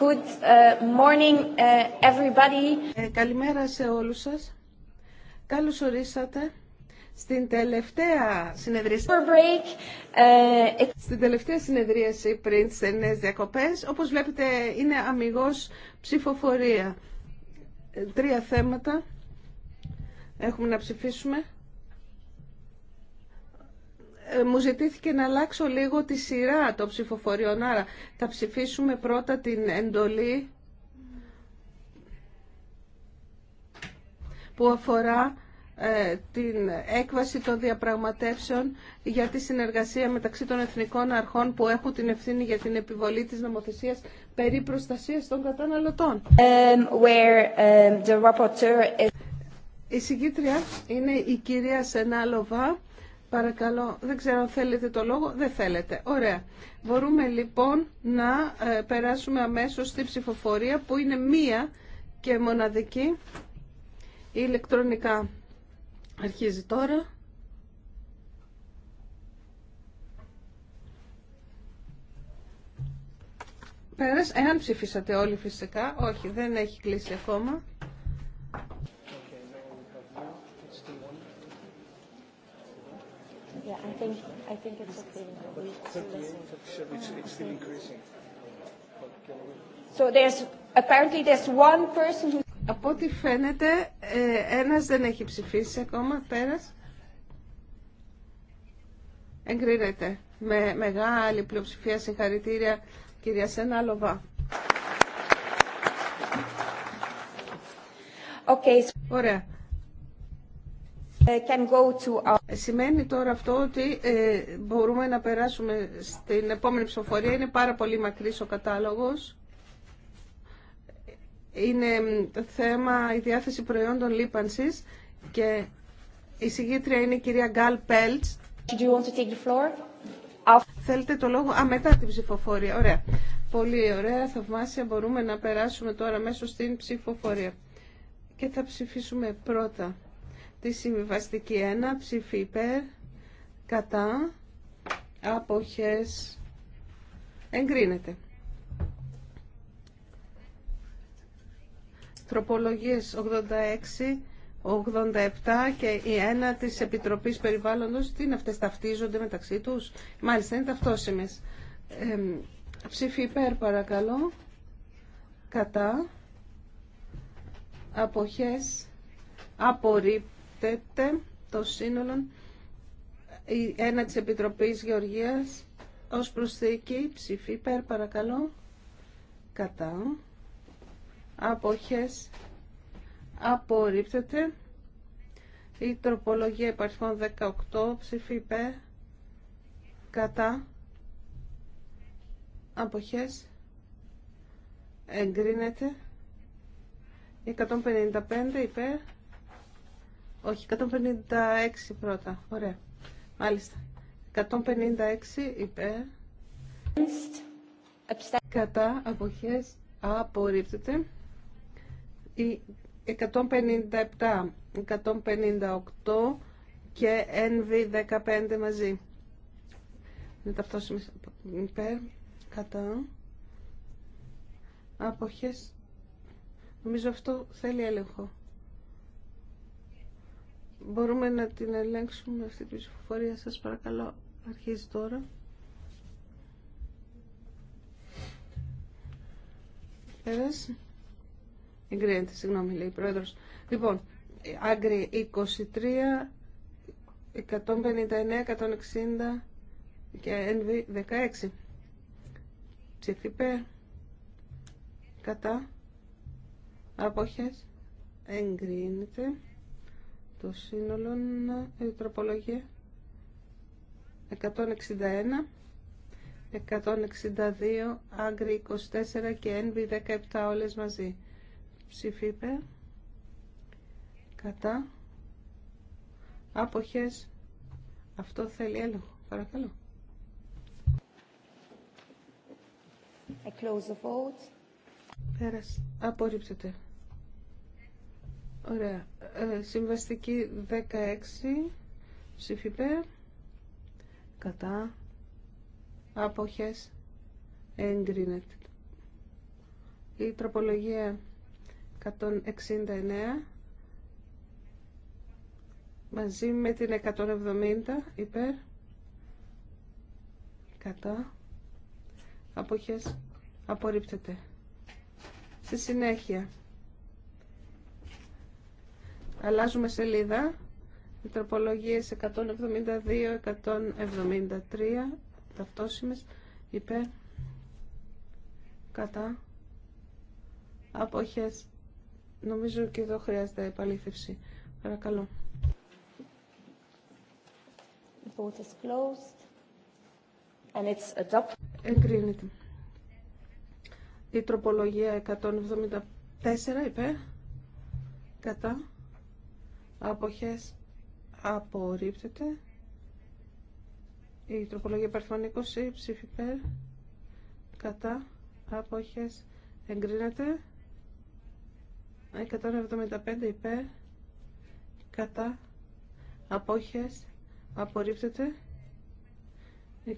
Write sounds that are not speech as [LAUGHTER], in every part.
Good uh, morning, uh, everybody. Ε, καλημέρα σε όλους σας. Καλώς ορίσατε στην τελευταία συνεδρίαση. Break, uh, στην τελευταία συνεδρίαση πριν τις εννέες διακοπές, όπως βλέπετε είναι αμυγός ψηφοφορία. Ε, τρία θέματα έχουμε να ψηφίσουμε. Ε, μου ζητήθηκε να αλλάξω λίγο τη σειρά των ψηφοφοριών. Άρα θα ψηφίσουμε πρώτα την εντολή που αφορά ε, την έκβαση των διαπραγματεύσεων για τη συνεργασία μεταξύ των εθνικών αρχών που έχουν την ευθύνη για την επιβολή της νομοθεσίας περί προστασίας των καταναλωτών. Um, where, um, the is... Η συγκήτρια είναι η κυρία Σενάλοβα Παρακαλώ, δεν ξέρω αν θέλετε το λόγο. Δεν θέλετε. Ωραία. Μπορούμε λοιπόν να ε, περάσουμε αμέσως στη ψηφοφορία που είναι μία και μοναδική ηλεκτρονικά. Αρχίζει τώρα. Πέρας, εάν ψηφίσατε όλοι φυσικά, όχι δεν έχει κλείσει ακόμα. Από ό,τι φαίνεται, ε, ένας δεν έχει ψηφίσει ακόμα, πέρας. Εγκρίνεται. Με μεγάλη πλειοψηφία συγχαρητήρια, κυρία Σένα Λοβά. Okay. Ωραία. Ε, σημαίνει τώρα αυτό ότι ε, μπορούμε να περάσουμε στην επόμενη ψηφοφορία. Είναι πάρα πολύ μακρύς ο κατάλογος. Είναι το θέμα η διάθεση προϊόντων λίπανσης και η συγγήτρια είναι η κυρία Γκάλ Πέλτς. Θέλετε το λόγο. Α, μετά την ψηφοφορία. Ωραία. Πολύ ωραία. Θαυμάσια. Μπορούμε να περάσουμε τώρα μέσω στην ψηφοφορία. Και θα ψηφίσουμε πρώτα Τη συμβιβαστική 1 ψήφι υπέρ κατά αποχές εγκρίνεται. Τροπολογίες 86 87 και η ένα της Επιτροπής Περιβάλλοντος, τι είναι αυτές, ταυτίζονται μεταξύ τους. Μάλιστα, είναι ταυτόσημες. Ε, ψήφι υπέρ παρακαλώ. Κατά. Αποχές. απορρίπτω τέτε το σύνολο ένα της Επιτροπής Γεωργίας ως προσθήκη ψηφί παρακαλώ κατά αποχές απορρίπτεται η τροπολογία υπαριθμών 18 ψηφί κατά αποχές εγκρίνεται 155 υπέρ όχι, 156 πρώτα. Ωραία. Μάλιστα. 156 υπέρ. Κατά απόχέ απορρίπτεται. Η 157, 158 και NV15 μαζί. Είναι ταυτόσιμες υπέρ. Κατά αποχές. Νομίζω αυτό θέλει έλεγχο. Μπορούμε να την ελέγξουμε αυτή την ψηφοφορία σας παρακαλώ. Αρχίζει τώρα. Πέρασε. Εγκρίνεται, συγγνώμη λέει η Πρόεδρος. Λοιπόν, άγκρι 23, 159, 160 και NV 16. Ψηφίπε κατά αποχές εγκρίνεται. Το είναι η τροπολογία 161 162 άγκρι 24 και ένβι 17 όλες μαζί ψηφίπε κατά άποχες αυτό θέλει έλεγχο παρακαλώ close Πέρασε. Απορρίπτεται. Ωραία. Ε, συμβαστική 16. Ψηφιπέ. Κατά. Άποχες. Εγκρίνεται. Η τροπολογία 169 μαζί με την 170 υπέρ κατά αποχές απορρίπτεται. Στη συνέχεια Αλλάζουμε σελίδα. Οι τροπολογίες 172, 173, ταυτόσιμες, υπέρ, κατά, αποχές. Νομίζω και εδώ χρειάζεται επαλήθευση. Παρακαλώ. Vote closed. And it's adopted. Εγκρίνεται. Η τροπολογία 174 Είπε. κατά, αποχές απορρίπτεται η τροπολογία παρθμών 20 ψήφιπε, κατά αποχές εγκρίνεται 175 υπέρ κατά απόχες απορρίπτεται 21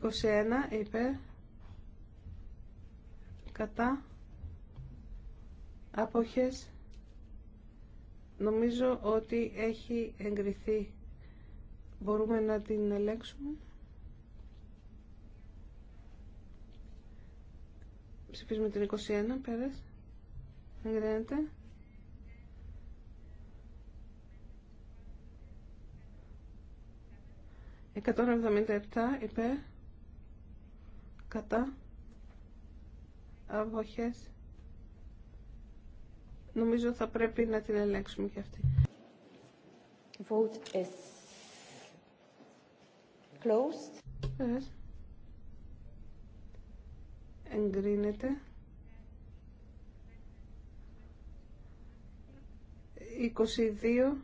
υπέρ κατά απόχες Νομίζω ότι έχει εγκριθεί. Μπορούμε να την ελέγξουμε. Ψηφίζουμε την 21, πέρας. Εγκρίνεται. Εκατόν εβδομήντα υπέρ. Κατά. Αποχές. Νομίζω θα πρέπει να την ελέγξουμε και αυτή. Vote is closed. Εγκρίνεται. 22,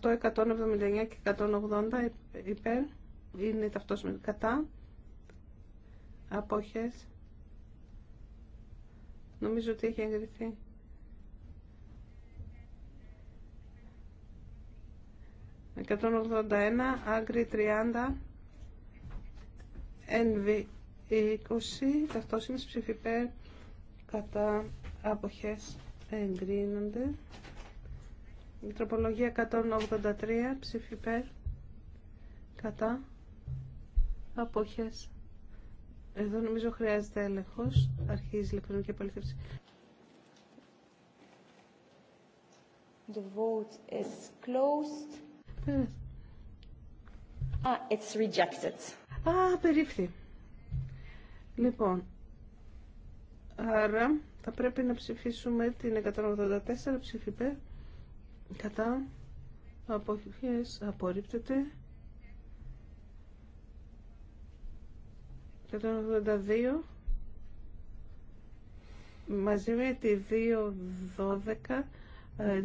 178, 179 και 180 υπέρ. Είναι ταυτόχρονα κατά. Απόχες. Νομίζω ότι έχει εγκριθεί. 181, άγκρι 30, NV 20, ταυτόσυνες ψηφιπέρ κατά αποχές εγκρίνονται. Η τροπολογία 183, ψηφιπέρ κατά αποχές. Εδώ νομίζω χρειάζεται έλεγχος, αρχίζει η ηλεκτρονική απολύτευση. The vote is closed. Ah, it's rejected. Α, περίφθη. Λοιπόν, άρα θα πρέπει να ψηφίσουμε την 184 ψηφιπέ κατά αποφυγές απορρίπτεται 182 μαζί με τη 212 239 ε,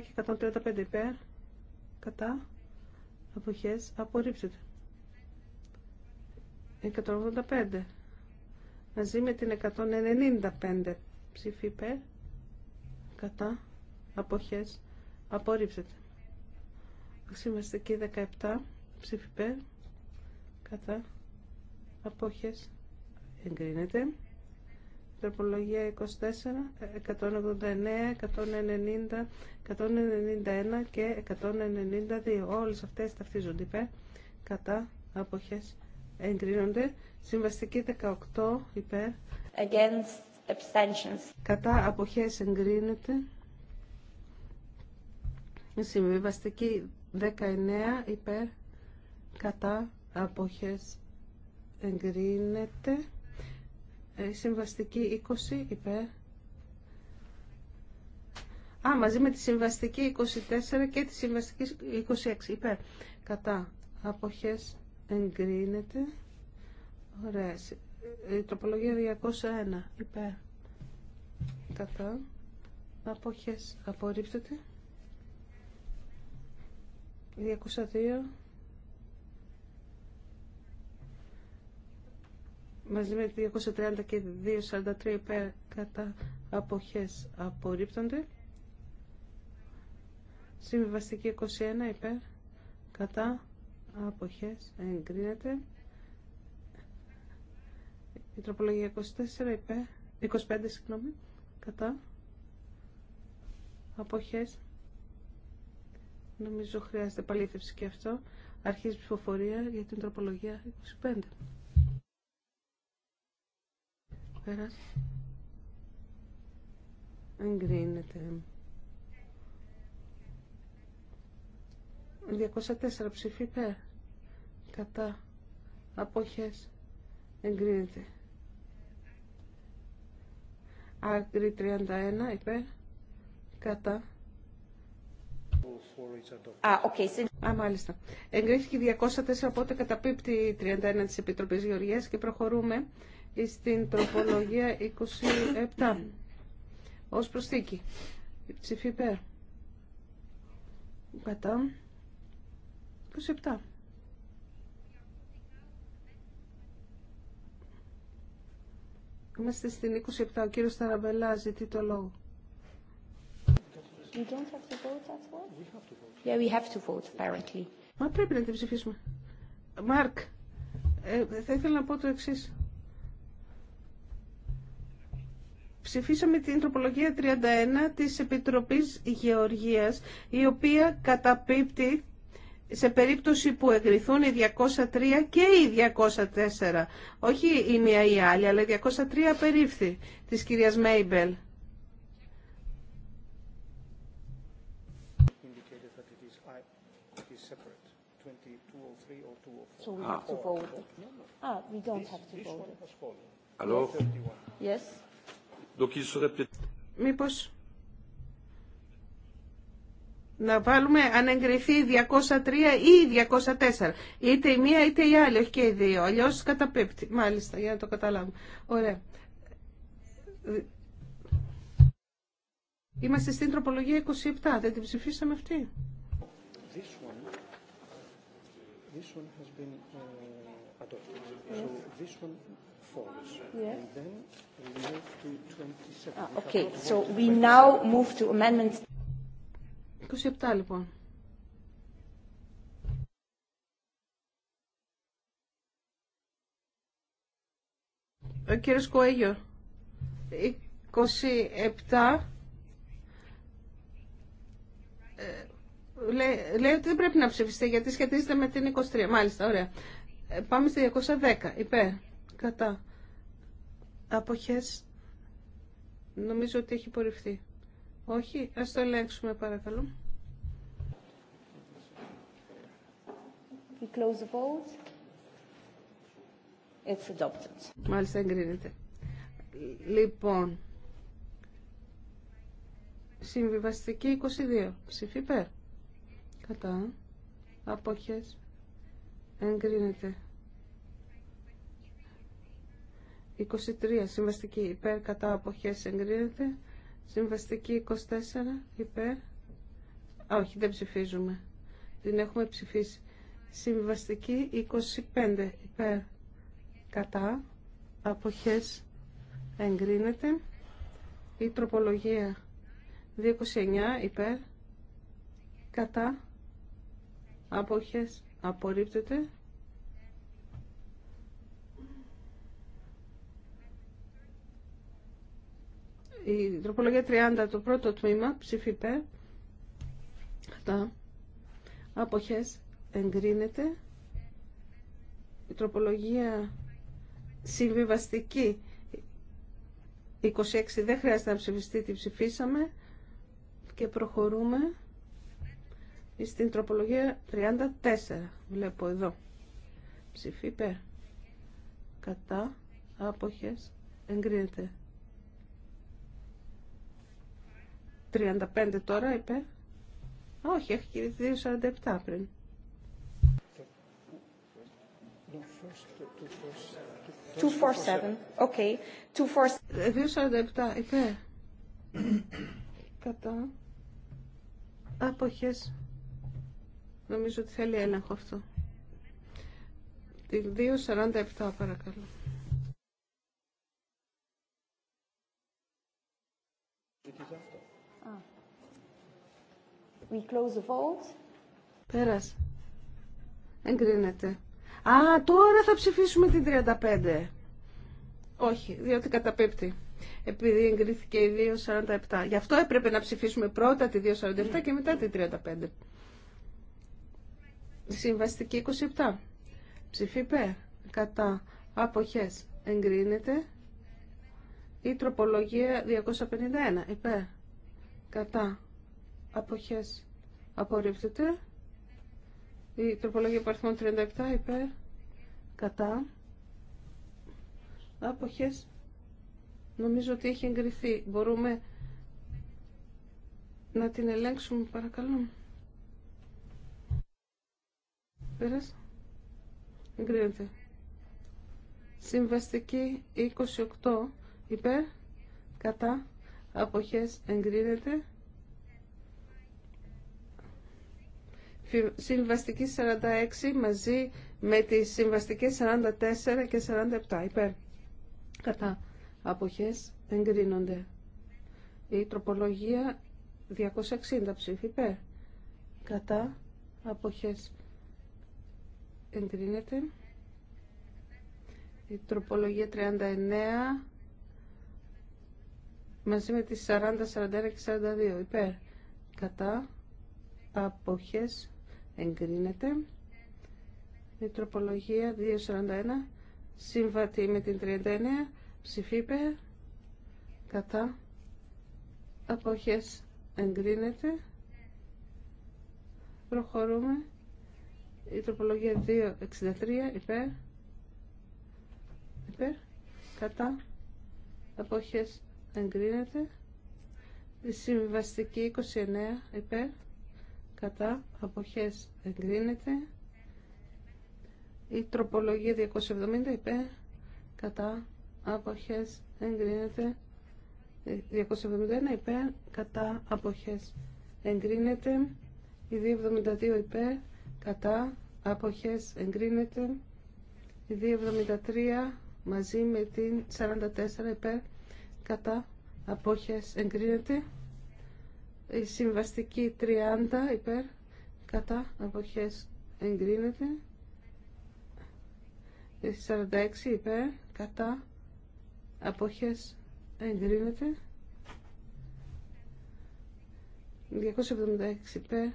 και 135 υπέρ κατά αποχές απορρίψετε. 185 μαζί με την 195 ψήφι υπέρ κατά αποχές απορρίπτεται και 17 ψήφι κατά αποχές εγκρίνεται Τροπολογία 24, 189, 190, 191 και 192. Όλες αυτές ταυτίζονται υπέρ, κατά, αποχές, εγκρίνονται. Συμβαστική 18 υπέρ. Against abstentions. Κατά αποχές εγκρίνεται. Συμβαστική 19 υπέρ. Κατά αποχές εγκρίνεται. Ε, συμβαστική 20 υπέρ. Α, μαζί με τη συμβαστική 24 και τη συμβαστική 26 υπέρ. Κατά αποχές εγκρίνεται. Ωραία. Η ε, τροπολογία 201 υπέρ. Κατά αποχές απορρίπτεται. 202 μαζί με 230 και 243 υπέρ κατά αποχές απορρίπτονται. Συμβιβαστική 21 υπέρ κατά αποχές εγκρίνεται. Η τροπολογία 24 υπέρ, 25 συγγνώμη, κατά αποχές. Νομίζω χρειάζεται παλήθευση και αυτό. Αρχίζει ψηφοφορία για την τροπολογία 25. Πέρας. Εγκρίνεται. 204 ψήφι Κατά. Αποχές. Εγκρίνεται. Άγκρι 31 υπέρ. Κατά. Α, okay. Α, μάλιστα. Εγκρίθηκε 204, οπότε καταπίπτει 31 της Επιτροπής Γεωργίας και προχωρούμε στην τροπολογία 27 ως προσθήκη. Ψηφί υπέρ. Κατά. 27. Είμαστε στην 27. Ο κύριος Ταραμπελά ζητεί το λόγο. Yeah, we have to vote, apparently. Μα πρέπει να την ψηφίσουμε. Μάρκ, ε, θα ήθελα να πω το εξής. Ψηφίσαμε την τροπολογία 31 της Επιτροπής Γεωργίας, η οποία καταπίπτει σε περίπτωση που εγκριθούν οι 203 και οι 204. Όχι η μία ή η άλλη, αλλά η 203 απερίφθη της κυρίας Μέιμπελ. So ah. ah, we don't have to Yes. Donc, Μήπως να βάλουμε αν εγκριθεί 203 ή 204. Είτε η μία είτε η άλλη, όχι και οι δύο. Αλλιώ καταπέπτει. Μάλιστα, για να το καταλάβουμε. Ωραία. Είμαστε στην τροπολογία 27. Δεν την ψηφίσαμε αυτή falls. And then we move to 27. Ah, okay, so we now move to amendments. 27 λοιπόν. Ο κύριος Κοέγιο. 27 ε, Λέει, λέει ότι δεν πρέπει να ψηφιστεί γιατί σχετίζεται με την 23. Μάλιστα, ωραία. Ε, πάμε στη 210. Υπέρ κατά αποχές νομίζω ότι έχει πορευθεί. Όχι, ας το ελέγξουμε παρακαλώ. close vote. adopted. Μάλιστα εγκρίνεται. Λοιπόν, συμβιβαστική 22, ψηφί Κατά, αποχές, εγκρίνεται. 23 συμβαστική υπέρ κατά αποχές εγκρίνεται. Συμβαστική 24 υπέρ. Α, όχι, δεν ψηφίζουμε. Την έχουμε ψηφίσει. Συμβαστική 25 υπέρ κατά αποχές εγκρίνεται. Η τροπολογία 29 υπέρ κατά αποχές απορρίπτεται. η τροπολογία 30, το πρώτο τμήμα, ψηφίπε, κατά, αποχές, εγκρίνεται. Η τροπολογία συμβιβαστική, 26, δεν χρειάζεται να ψηφιστεί, τη ψηφίσαμε και προχωρούμε στην τροπολογία 34, βλέπω εδώ. Ψηφίπε, κατά, άποχες, εγκρίνεται. 35 τώρα είπε. Όχι, έχει 2,47 πριν. 247. Okay. Ε, Κατά. Αποχές. Νομίζω ότι θέλει έλεγχο αυτό. Την 247 παρακαλώ. Thank you. We close the Πέρας. Εγκρίνεται. Α, τώρα θα ψηφίσουμε την 35. Όχι, διότι καταπέπτει. Επειδή εγκρίθηκε η 2.47. Γι' αυτό έπρεπε να ψηφίσουμε πρώτα τη 2.47 και μετά τη 35. Συμβαστική 27. Ψηφίπε. Κατά. Αποχές. Εγκρίνεται. Η τροπολογία 251. Υπέρ. Κατά αποχές απορρίπτεται. Η τροπολογία παριθμών 37 υπέρ κατά αποχές νομίζω ότι έχει εγκριθεί. Μπορούμε να την ελέγξουμε παρακαλώ. Πέρας; Εγκρίνεται. Συμβαστική 28 υπέρ κατά αποχές εγκρίνεται. Συμβαστική 46 μαζί με τις συμβαστικές 44 και 47. Υπέρ. Κατά. Αποχές εγκρίνονται. Η τροπολογία 260 ψήφι υπέρ. Κατά. Αποχές εγκρίνεται. Η τροπολογία 39 μαζί με τις 40, 41 και 42 υπέρ. Κατά. Αποχές εγκρίνεται. Η τροπολογία 241 σύμβατη με την 39 ψηφίπε κατά αποχές εγκρίνεται. Προχωρούμε. Η τροπολογία 263 υπέρ υπέρ κατά αποχές εγκρίνεται. Η συμβιβαστική 29 υπέρ κατά αποχές εγκρίνεται η τροπολογία 270 υπέρ κατά αποχές εγκρίνεται 271 υπέρ κατά αποχές εγκρίνεται η 272 υπέρ κατά αποχές εγκρίνεται η 273 μαζί με την 44 υπέρ κατά απόχες εγκρίνεται η συμβαστική 30 υπέρ κατά αποχές εγκρίνεται. Η 46 υπέρ κατά αποχές εγκρίνεται. 276 υπέρ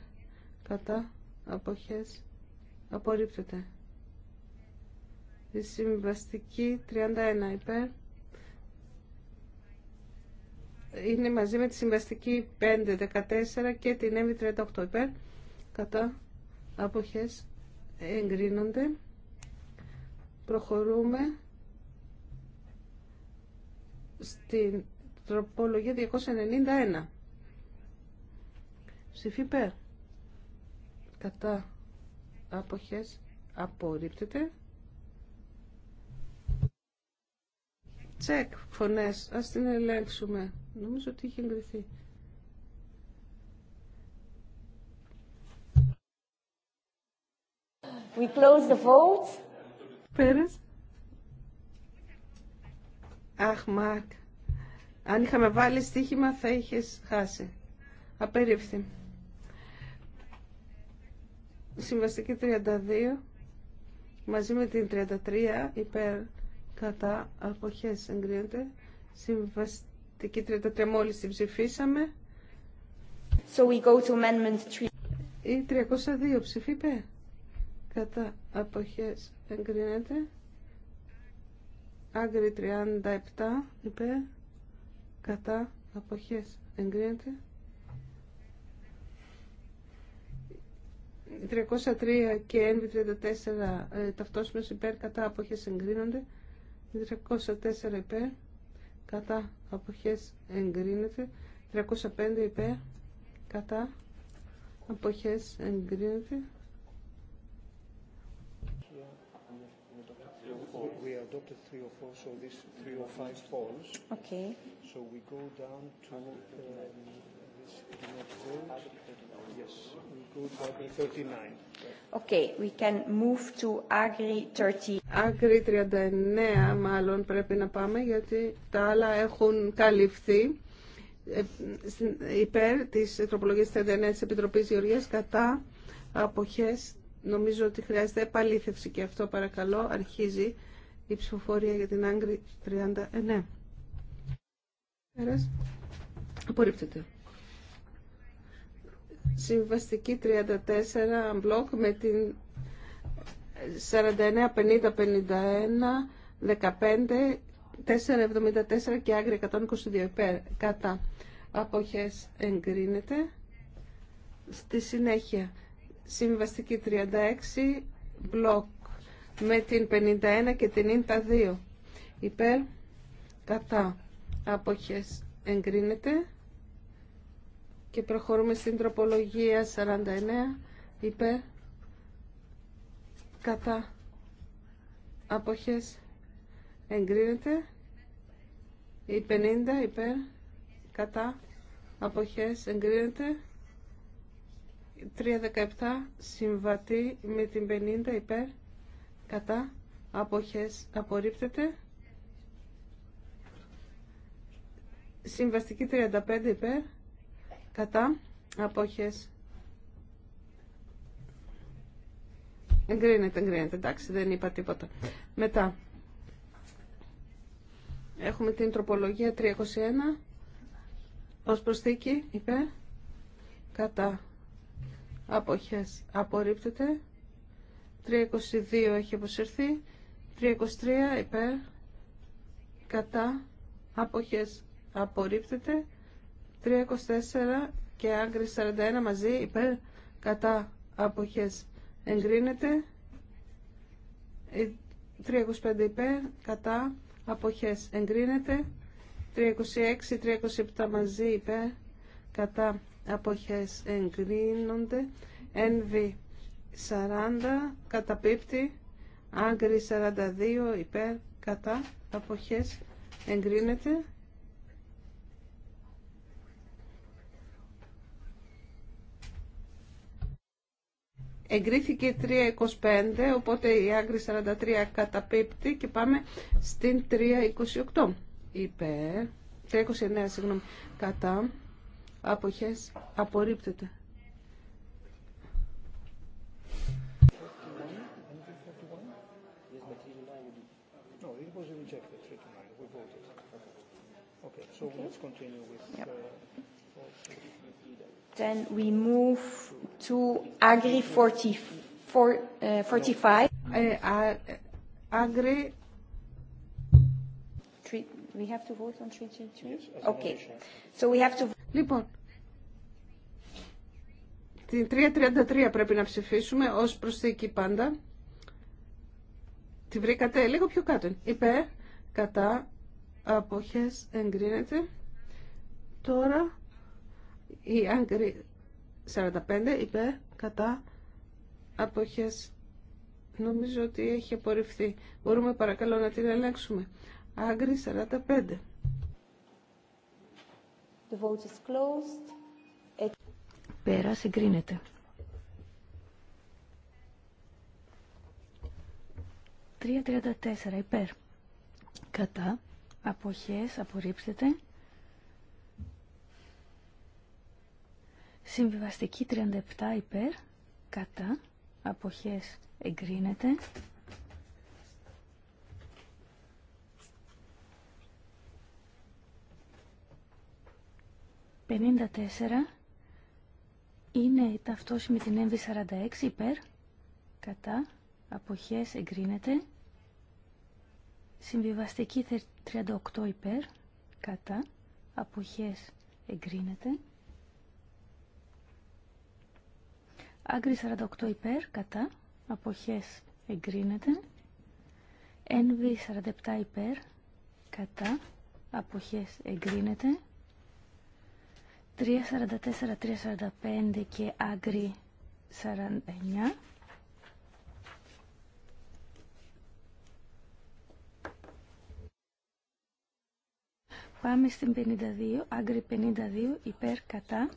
κατά αποχές απορρίπτεται. Η συμβαστική 31 υπέρ είναι μαζί με τη συμβαστική 5, 14 και την M38 υπέρ κατά αποχές εγκρίνονται. Προχωρούμε στην τροπολογία 291. Ψηφί υπέρ. Κατά άποχες απορρίπτεται. Τσεκ φωνές. Ας την ελέγξουμε. Νομίζω ότι είχε εγκριθεί. We close the vote. Πέρας. Αχ, Μάρκ. Αν είχαμε βάλει στοίχημα θα είχες χάσει. Απερίφθη. Συμβαστική 32 μαζί με την 33 υπέρ κατά αποχές εγκρίνεται. Συμβαστική την 33 μόλις την ψηφίσαμε. So we go to amendment 3. Η 302 ψηφίπε. Κατά αποχές εγκρίνεται. Άγκρι 37 υπέρ. Κατά αποχές εγκρίνεται. 303 και NV34 ε, ταυτόσιμες υπέρ κατά αποχές εγκρίνονται. 304 υπέρ κατά αποχές εγκρίνεται 305 υπέρ κατά αποχές εγκρίνεται we adopted 304, so this 305 falls. Okay. So we go down to um, Okay, we can move to Agri 30. Agri 39 μάλλον πρέπει να πάμε γιατί τα άλλα έχουν καλυφθεί. Ε, υπέρ της τροπολογίας 39 της Επιτροπής Γεωργίας κατά αποχές. Νομίζω ότι χρειάζεται επαλήθευση και αυτό παρακαλώ αρχίζει η ψηφοφορία για την Άγκρη 39. Απορρίπτεται. Συμβαστική 34 μπλοκ με την 49, 50, 51, 15, 474 και άγρια 122 υπέρ κατά αποχές εγκρίνεται. Στη συνέχεια συμβαστική 36 μπλοκ με την 51 και την ίντα 2 υπέρ κατά αποχές εγκρίνεται. Και προχωρούμε στην τροπολογία 49 υπέρ κατά αποχές εγκρίνεται η 50 υπέρ κατά αποχές εγκρίνεται 317 συμβατή με την 50 υπέρ κατά αποχές απορρίπτεται συμβαστική 35 υπέρ κατά αποχές εγκρίνεται εγκρίνεται εντάξει δεν είπα τίποτα μετά έχουμε την τροπολογία 321 ως προσθήκη είπε κατά αποχές απορρίπτεται 322 έχει αποσυρθεί 323 υπέρ κατά αποχές απορρίπτεται 324 και άγκρι 41 μαζί υπέρ κατά αποχές εγκρίνεται. 325 ε, υπέρ κατά αποχές εγκρίνεται. 326-327 μαζί υπέρ κατά αποχές εγκρίνονται. NV 40 καταπίπτει. Άγκρι 42 υπέρ κατά αποχές εγκρίνεται. Εγκρίθηκε 3.25, οπότε η άγκρη 43 καταπίπτει και πάμε στην 3.28. Είπε... 3.29 συγγνώμη, κατά, αποχές, απορρίπτεται. Then we move to Agri 45. Uh, uh, uh, Agri. we have to vote on 333? Okay. So we have to... Λοιπόν, την 333 πρέπει να ψηφίσουμε ως προσθήκη πάντα. Τη βρήκατε λίγο πιο κάτω. Υπέρ, κατά, αποχές εγκρίνεται. Τώρα η Άγκρη 45 υπέρ κατά αποχές. Νομίζω ότι έχει απορριφθεί. Μπορούμε παρακαλώ να την ελέγξουμε. Άγκρι 45. The vote is closed. Πέρα συγκρίνεται. 3.34 υπέρ. Κατά. Αποχές απορρίψετε. Συμβιβαστική 37 υπέρ, κατά, αποχές εγκρίνεται. «54» είναι με την έμβη 46 υπέρ, κατά, αποχές εγκρίνεται. Συμβιβαστική 38 υπέρ, κατά, αποχές εγκρίνεται. Άγκρι 48 υπέρ, κατά, αποχές εγκρίνεται. Ένβι 47 υπέρ, κατά, αποχές εγκρίνεται. 344, 345 και άγκρι 49. Πάμε στην 52, άγκρι 52, υπέρ, κατά,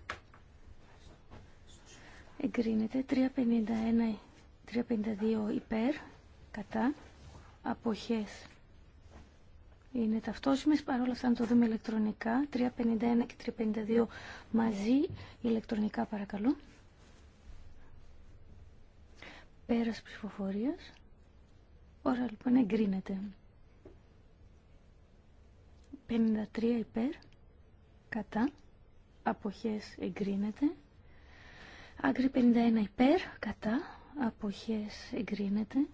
εγκρίνεται 351 352 υπέρ κατά αποχές είναι ταυτόσιμες παρόλα αυτά να το δούμε ηλεκτρονικά 351 και 352 μαζί ηλεκτρονικά παρακαλώ πέρας ψηφοφορίας Ώρα, λοιπόν εγκρίνεται 53 υπέρ κατά αποχές εγκρίνεται Άγκρι 51 υπέρ, κατά, αποχές εγκρίνεται.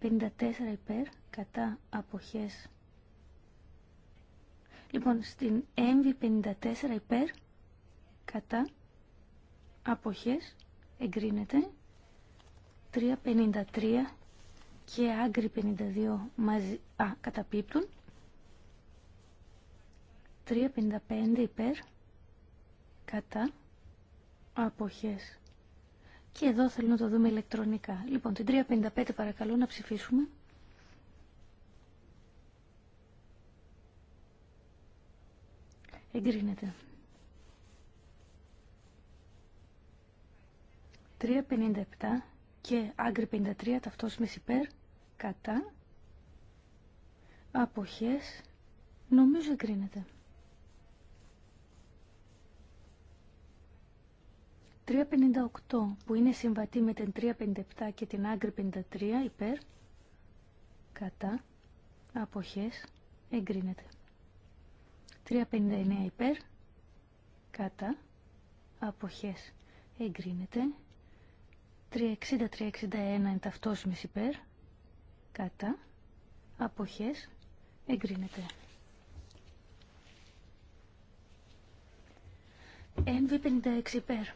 54 υπέρ, κατά, αποχές. Λοιπόν, στην έμβη 54 υπέρ, κατά, αποχές εγκρίνεται. 353 και άγκρι 52 μαζί, α, καταπίπτουν. 355 υπέρ, κατά, αποχές. Και εδώ θέλω να το δούμε ηλεκτρονικά. Λοιπόν, την 355 παρακαλώ να ψηφίσουμε. Εγκρίνεται. 357 και άγκρι 53 με υπέρ, κατά, αποχές, νομίζω εγκρίνεται. 358 που είναι συμβατή με την 357 και την άγκρη 53 υπέρ κατά αποχές εγκρίνεται. 359 υπέρ κατά αποχές εγκρίνεται. 360-361 είναι ταυτοσμης υπερ υπέρ κατά αποχές εγκρίνεται. NV56 υπέρ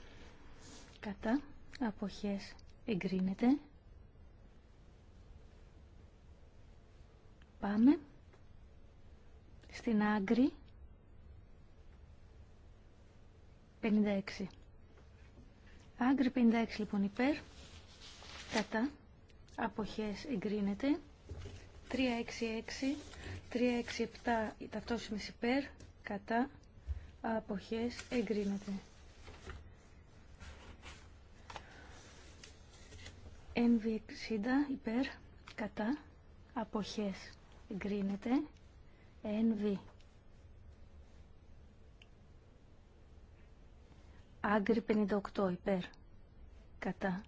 κατά αποχές εγκρίνεται πάμε στην άγκρη 56 άγκρη 56 λοιπόν υπέρ κατά αποχές εγκρίνεται 366 367 ταυτόσιμες υπέρ κατά αποχές εγκρίνεται NV60 υπέρ κατά αποχές εγκρίνεται NV Άγκρι 58 υπέρ κατά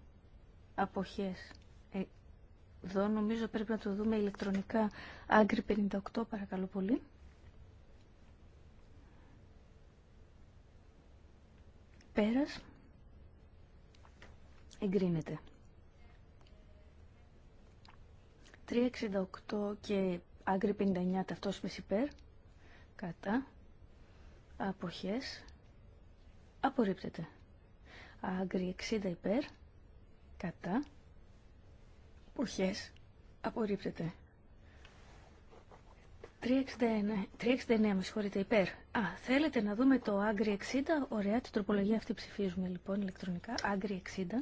αποχές ε, εδώ νομίζω πρέπει να το δούμε ηλεκτρονικά Άγκρι 58 παρακαλώ πολύ πέρας εγκρίνεται 368 και άγκρι 59 ταυτόσπιση υπέρ, κατά, αποχές, απορρίπτεται. Άγκρι 60 υπέρ, κατά, αποχές, απορρίπτεται. 369, 369 με συγχωρείτε, υπέρ. Α, θέλετε να δούμε το άγκρι 60, ωραία, την τροπολογία αυτή ψηφίζουμε λοιπόν ηλεκτρονικά, άγκρι 60.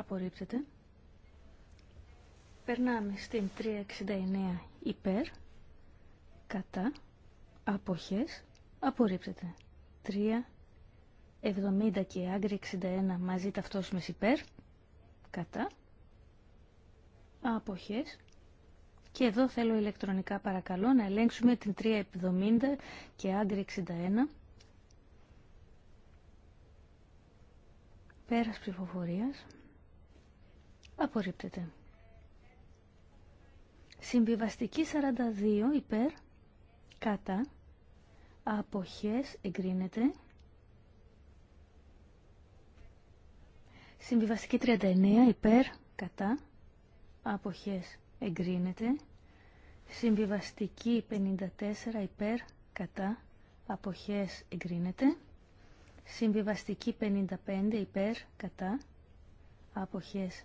Απορρίπτεται. Περνάμε στην 369 υπέρ, κατά, αποχές, απορρίπτεται. 370 και άγκρι 61 μαζί ταυτόσμες υπέρ, κατά, αποχές. Και εδώ θέλω ηλεκτρονικά παρακαλώ να ελέγξουμε την 370 και άγκρι 61. Πέρας ψηφοφορίας. Απορρίπτεται. Συμβιβαστική 42 υπέρ, κατά, αποχές εγκρίνεται. Συμβιβαστική 39 υπέρ, κατά, αποχές εγκρίνεται. Συμβιβαστική 54 υπέρ, κατά, αποχές εγκρίνεται. Συμβιβαστική 55 υπέρ, κατά, αποχές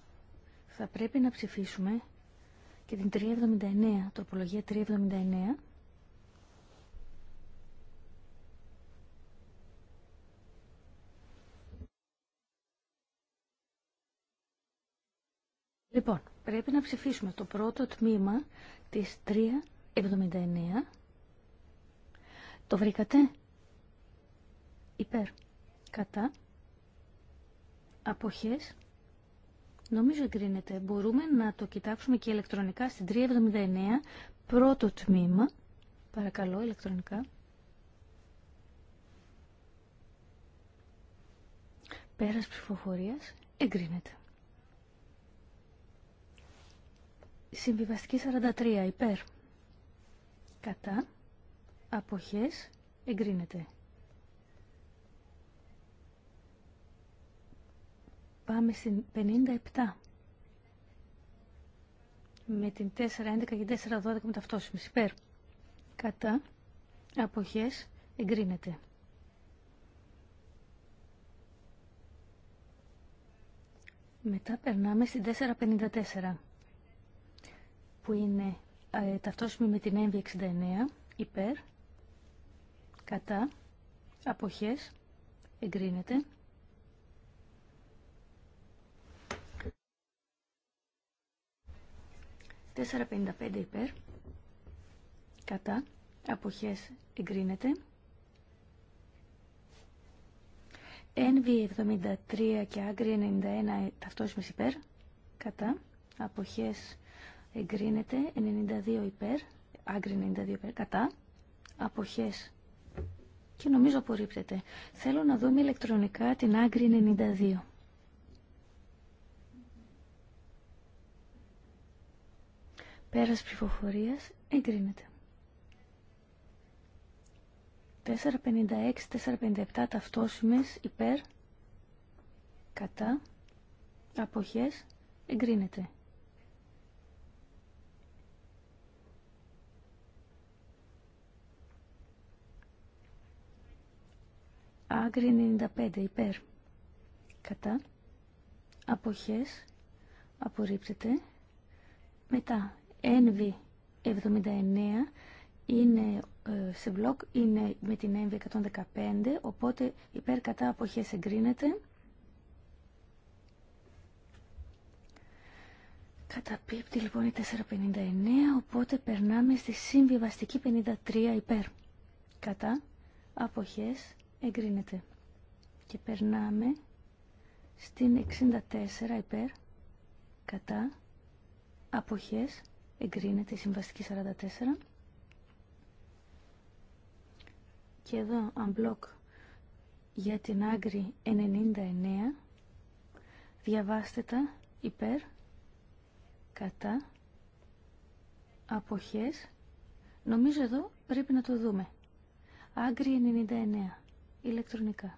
θα πρέπει να ψηφίσουμε και την 379, τροπολογία 379. Λοιπόν, πρέπει να ψηφίσουμε το πρώτο τμήμα της 379. Το βρήκατε? Υπέρ. Κατά. Αποχές. Νομίζω εγκρίνεται. Μπορούμε να το κοιτάξουμε και ηλεκτρονικά στην 379, πρώτο τμήμα. Παρακαλώ, ηλεκτρονικά. Πέρας ψηφοφορίας, εγκρίνεται. Συμβιβαστική 43, υπέρ. Κατά. Αποχές, εγκρίνεται. Πάμε στην 57. Με την 411 και 412 με ταυτόσιμες. Υπέρ. Κατά. Αποχές. Εγκρίνεται. Μετά περνάμε στην 454 που είναι ε, ταυτόσιμη με την έμβη 69 υπέρ κατά αποχές εγκρίνεται 4.55 υπέρ. Κατά. Αποχές εγκρίνεται. NV73 και Άγκρι 91 ταυτόσιμες υπέρ. Κατά. Αποχές εγκρίνεται. 92 υπέρ. Άγκρι 92 υπέρ. Κατά. Αποχές και νομίζω απορρίπτεται. Θέλω να δούμε ηλεκτρονικά την Άγκρι 92. Πέρας ψηφοφορίας εγκρίνεται. 456-457 ταυτόσημες υπέρ, κατά, αποχές, εγκρίνεται. Άγκρι 95 υπέρ, κατά, αποχές, απορρίπτεται. Μετά nv 79 είναι ε, σε βλοκ είναι με την nv 115, οπότε υπέρ κατά αποχές εγκρίνεται. Καταπίπτει λοιπόν η 459, οπότε περνάμε στη συμβιβαστική 53 υπέρ. Κατά αποχές εγκρίνεται. Και περνάμε στην 64 υπέρ. Κατά αποχές εγκρίνεται η συμβαστική 44 και εδώ unblock για την άγκρη 99 διαβάστε τα υπέρ κατά αποχές νομίζω εδώ πρέπει να το δούμε άγκρη 99 ηλεκτρονικά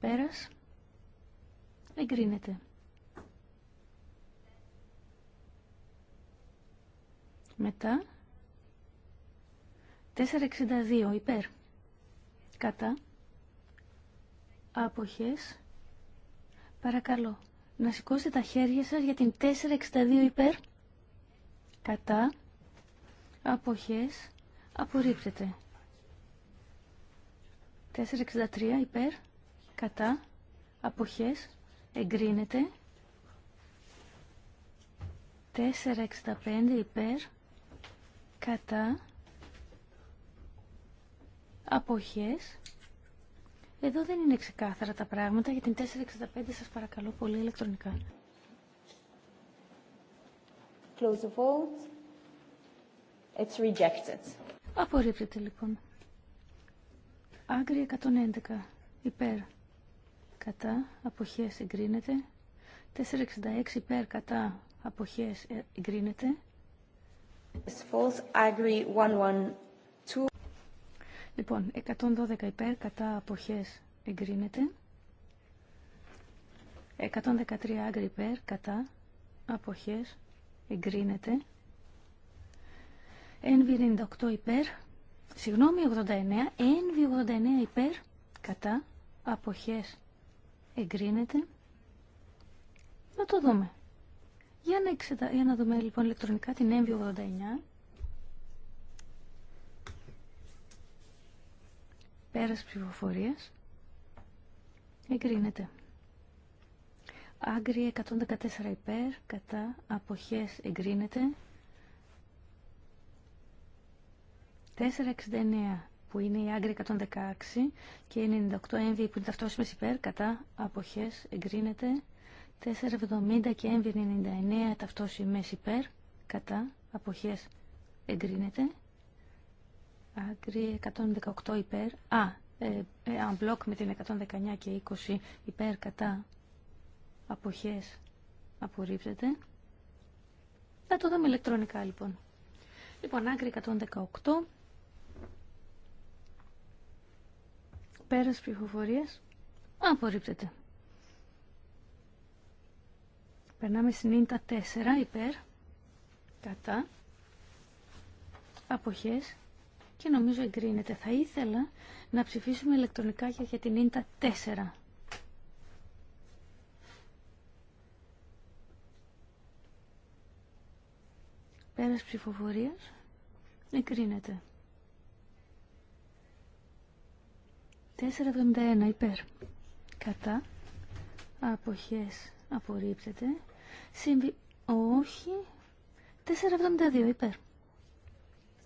πέρας εγκρίνεται Μετά 462 υπέρ. Κατά. Άποχες. Παρακαλώ. Να σηκώσετε τα χέρια σας για την 462 υπέρ. Κατά. Αποχές. απορρίπτετε 463 υπέρ. Κατά. Αποχές. Εγκρίνεται. 465 υπέρ κατά αποχές εδώ δεν είναι ξεκάθαρα τα πράγματα για την 465 σας παρακαλώ πολύ ηλεκτρονικά Close the vote. It's rejected. Απορρίπτεται λοιπόν. Άγκρι 111. Υπέρ. Κατά. Αποχές εγκρίνεται. 466 υπέρ. Κατά. Αποχές εγκρίνεται. Λοιπόν, 112 υπέρ, κατά αποχές εγκρίνεται. 113 άγκρι υπέρ, κατά αποχές εγκρίνεται. NV 98 υπέρ, συγγνώμη 89, NV 89 υπέρ, κατά αποχές εγκρίνεται. Να το δούμε. Για να, εξετα... Για να δούμε λοιπόν ηλεκτρονικά την MV89. Πέρας ψηφοφορίας. Εγκρίνεται. Άγκρι 114 υπέρ, κατά αποχές εγκρίνεται. 469 που είναι η Άγκρη 116 και 98 έμβη που είναι ταυτόσιμες υπέρ, κατά αποχές εγκρίνεται. 470 και έμβη 99 ταυτόσημες υπέρ, κατά, αποχές εγκρίνεται. Άγκρι 118 υπέρ, α, ε, ε με την 119 και 20 υπέρ, κατά, αποχές απορρίπτεται. Θα το δούμε ηλεκτρονικά λοιπόν. Λοιπόν, άκρη 118. Πέρας ψηφοφορίας. Απορρίπτεται. Περνάμε στην ίντα 4 υπέρ, κατά, αποχές και νομίζω εγκρίνεται. Θα ήθελα να ψηφίσουμε ηλεκτρονικά για την ίντα 4. Πέρας ψηφοφορίας εγκρίνεται. 4,71 υπέρ. Κατά. Αποχές απορρίπτεται. Συμβι... Όχι. 4,72 υπέρ.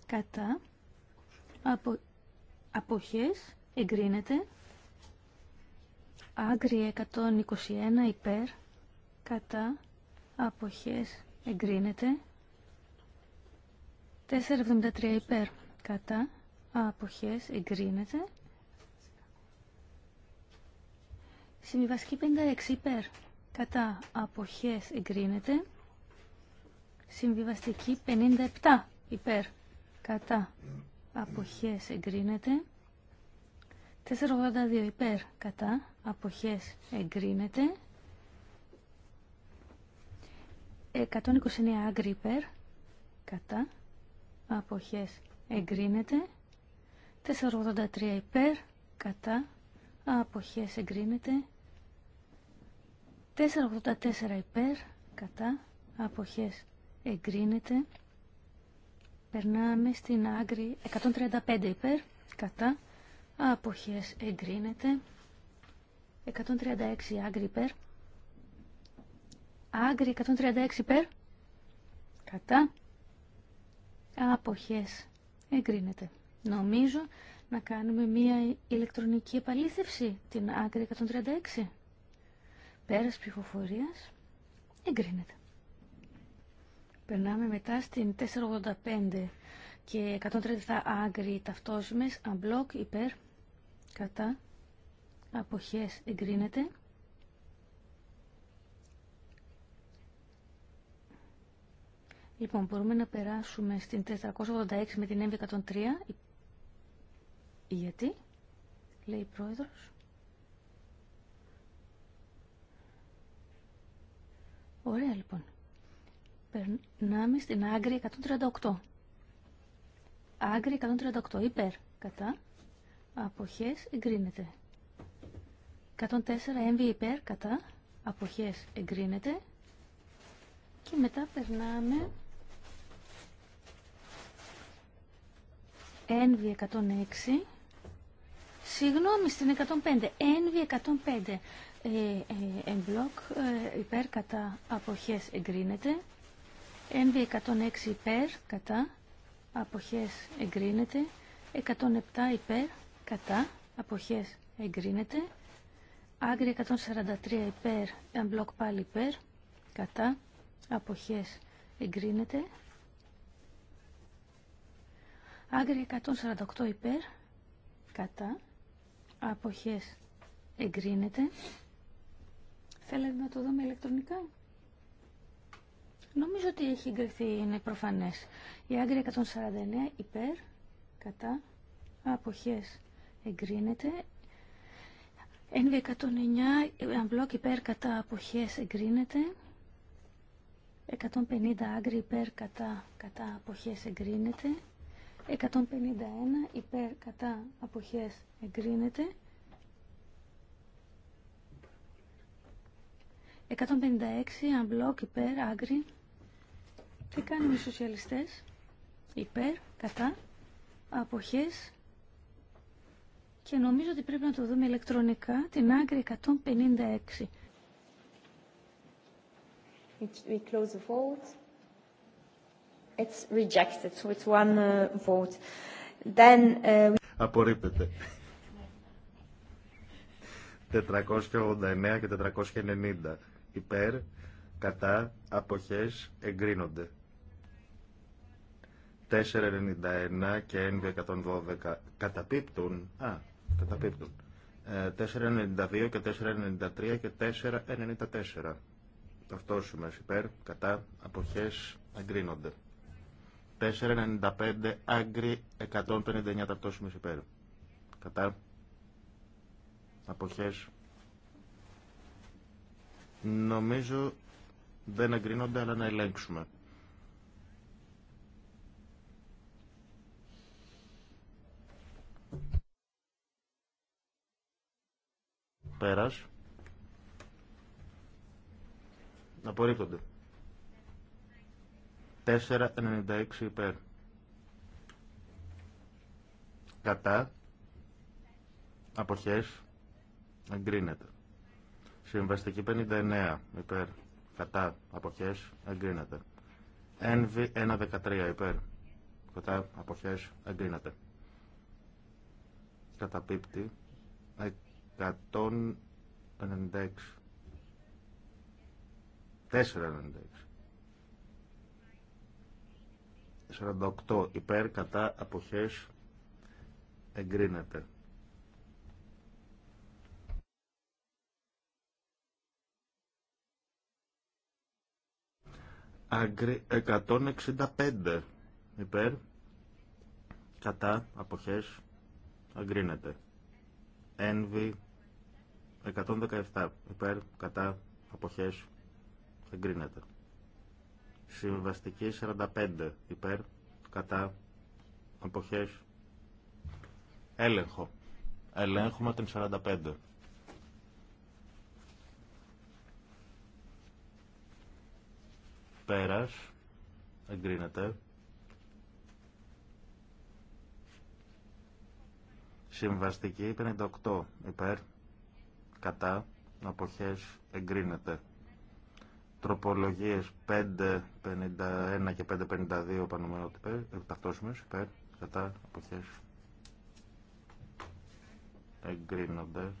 Κατά. Απο... Αποχές. Εγκρίνεται. Άγκρι 121 υπέρ. Κατά. Αποχές. Εγκρίνεται. 4,73 υπέρ. Κατά. Αποχές. Εγκρίνεται. Συμβιβαστική 56 υπέρ κατά αποχές εγκρίνεται. Συμβιβαστική 57 υπέρ κατά αποχές εγκρίνεται. 482 υπέρ κατά αποχές εγκρίνεται. 129 άγκρι υπέρ κατά αποχές εγκρίνεται. 483 υπέρ κατά αποχές εγκρίνεται. 484 υπέρ, κατά, αποχές εγκρίνεται. Περνάμε στην άγκρη 135 υπέρ, κατά, αποχές εγκρίνεται. 136 άγκρη υπέρ. Άγκρη 136 υπέρ, κατά, αποχές εγκρίνεται. Νομίζω να κάνουμε μία ηλεκτρονική επαλήθευση την άγκρη 136. Πέρας ψηφοφορίας εγκρίνεται. Περνάμε μετά στην 485 και 137 άγκρι ταυτόσιμες, αμπλοκ, υπέρ, κατά, αποχές εγκρίνεται. Λοιπόν, μπορούμε να περάσουμε στην 486 με την m 103 Γιατί, λέει η πρόεδρος. Ωραία λοιπόν. Περνάμε στην άγκρη 138. Άγκρη 138 υπέρ κατά αποχές εγκρίνεται. 104 έμβη υπέρ κατά αποχές εγκρίνεται. Και μετά περνάμε Ένβη 106. Συγγνώμη, στην 105. Ένβη 105 εμπλοκ ε, ε, υπέρ κατά αποχές εγκρίνεται έμβη 106 υπέρ κατά αποχές εγκρίνεται 107 υπέρ κατά αποχές εγκρίνεται Άγρι 143 υπέρ εμπλοκ πάλι υπέρ κατά αποχές εγκρίνεται Άγρι 148 υπέρ κατά αποχές εγκρίνεται Θέλετε να το δούμε ηλεκτρονικά. Νομίζω ότι έχει εγκριθεί, είναι προφανές. Η άγρια 149 υπέρ, κατά, αποχές εγκρίνεται. Ένβια 109, αμπλόκ υπέρ, κατά, αποχές εγκρίνεται. 150 άγκρι υπέρ, κατά, κατά, αποχές εγκρίνεται. 151 υπέρ, κατά, αποχές εγκρίνεται. 156 unblock υπέρ άγκρι. Τι κάνουν οι σοσιαλιστές. Υπέρ, κατά, αποχές. Και νομίζω ότι πρέπει να το δούμε ηλεκτρονικά την άγκρι 156. We close the vote. It's rejected, so it's one uh, vote. Then, uh... Απορρίπτεται. 489 [LAUGHS] και 490 υπέρ, κατά, αποχές, εγκρίνονται. 491 και 1,112 112 καταπίπτουν. Α, καταπίπτουν. 492 ε, και 493 και 494. Ταυτόσιμες υπέρ, κατά, αποχές, εγκρίνονται. 495 άγκρι 159 ταυτόσιμες υπέρ. Κατά, αποχές, Νομίζω δεν εγκρίνονται, αλλά να ελέγξουμε. Πέρας. Απορρίπτονται. 4,96 υπέρ. Κατά. Αποχές. Εγκρίνεται. Συμβαστική 59 υπέρ. Κατά. Αποχές. Εγκρίνεται. Ένβη 1.13 υπέρ. Κατά. Αποχές. Εγκρίνεται. Καταπίπτει. 196. 4.96. 48 υπέρ κατά αποχές εγκρίνεται. Άγκρι 165 υπέρ κατά αποχές αγκρίνεται. Ένβη 117 υπέρ κατά αποχές εγκρίνεται. Συμβαστική 45 υπέρ κατά αποχές έλεγχο. Ελέγχουμε την 45. Πέρας. Εγκρίνεται. Συμβαστική 58 υπέρ. Κατά. Αποχές. Εγκρίνεται. Τροπολογίες 5.51 και 5.52 πανομοιότυπες. Ταυτόσιμες υπέρ. Κατά. Αποχές. Εγκρίνονται.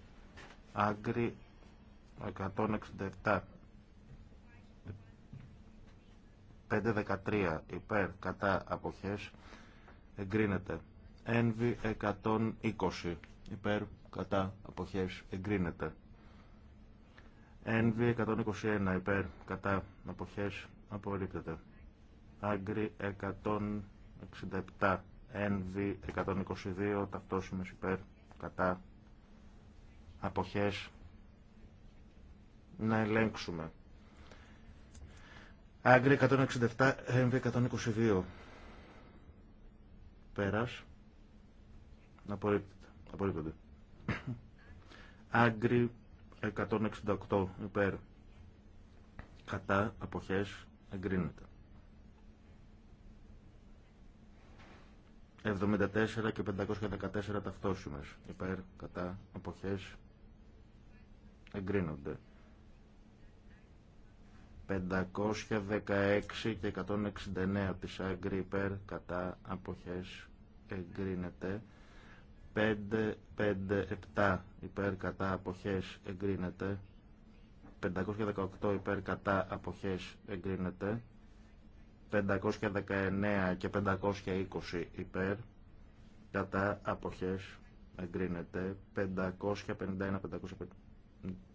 Άγκρι 167 513 υπέρ κατά αποχές εγκρίνεται. Ένβη 120 υπέρ κατά αποχές εγκρίνεται. Ένβη 121 υπέρ κατά αποχές απορρίπτεται. Άγκρι 167 Ένβη 122 ταυτόσιμες υπέρ κατά αποχές να ελέγξουμε. Άγκρι 167, έμβη 122. Πέρας. Απορρίπτεται. Απορρίπτεται. Άγκρι 168 υπέρ. Κατά αποχές εγκρίνεται. 74 και 514 ταυτόσιμες υπέρ κατά αποχές εγκρίνονται. 516 και 169 της Άγκρη κατά αποχές εγκρίνεται 557 υπέρ κατά αποχές εγκρίνεται 518 υπέρ κατά αποχές εγκρίνεται 519 και 520 υπέρ κατά αποχές εγκρίνεται 551-552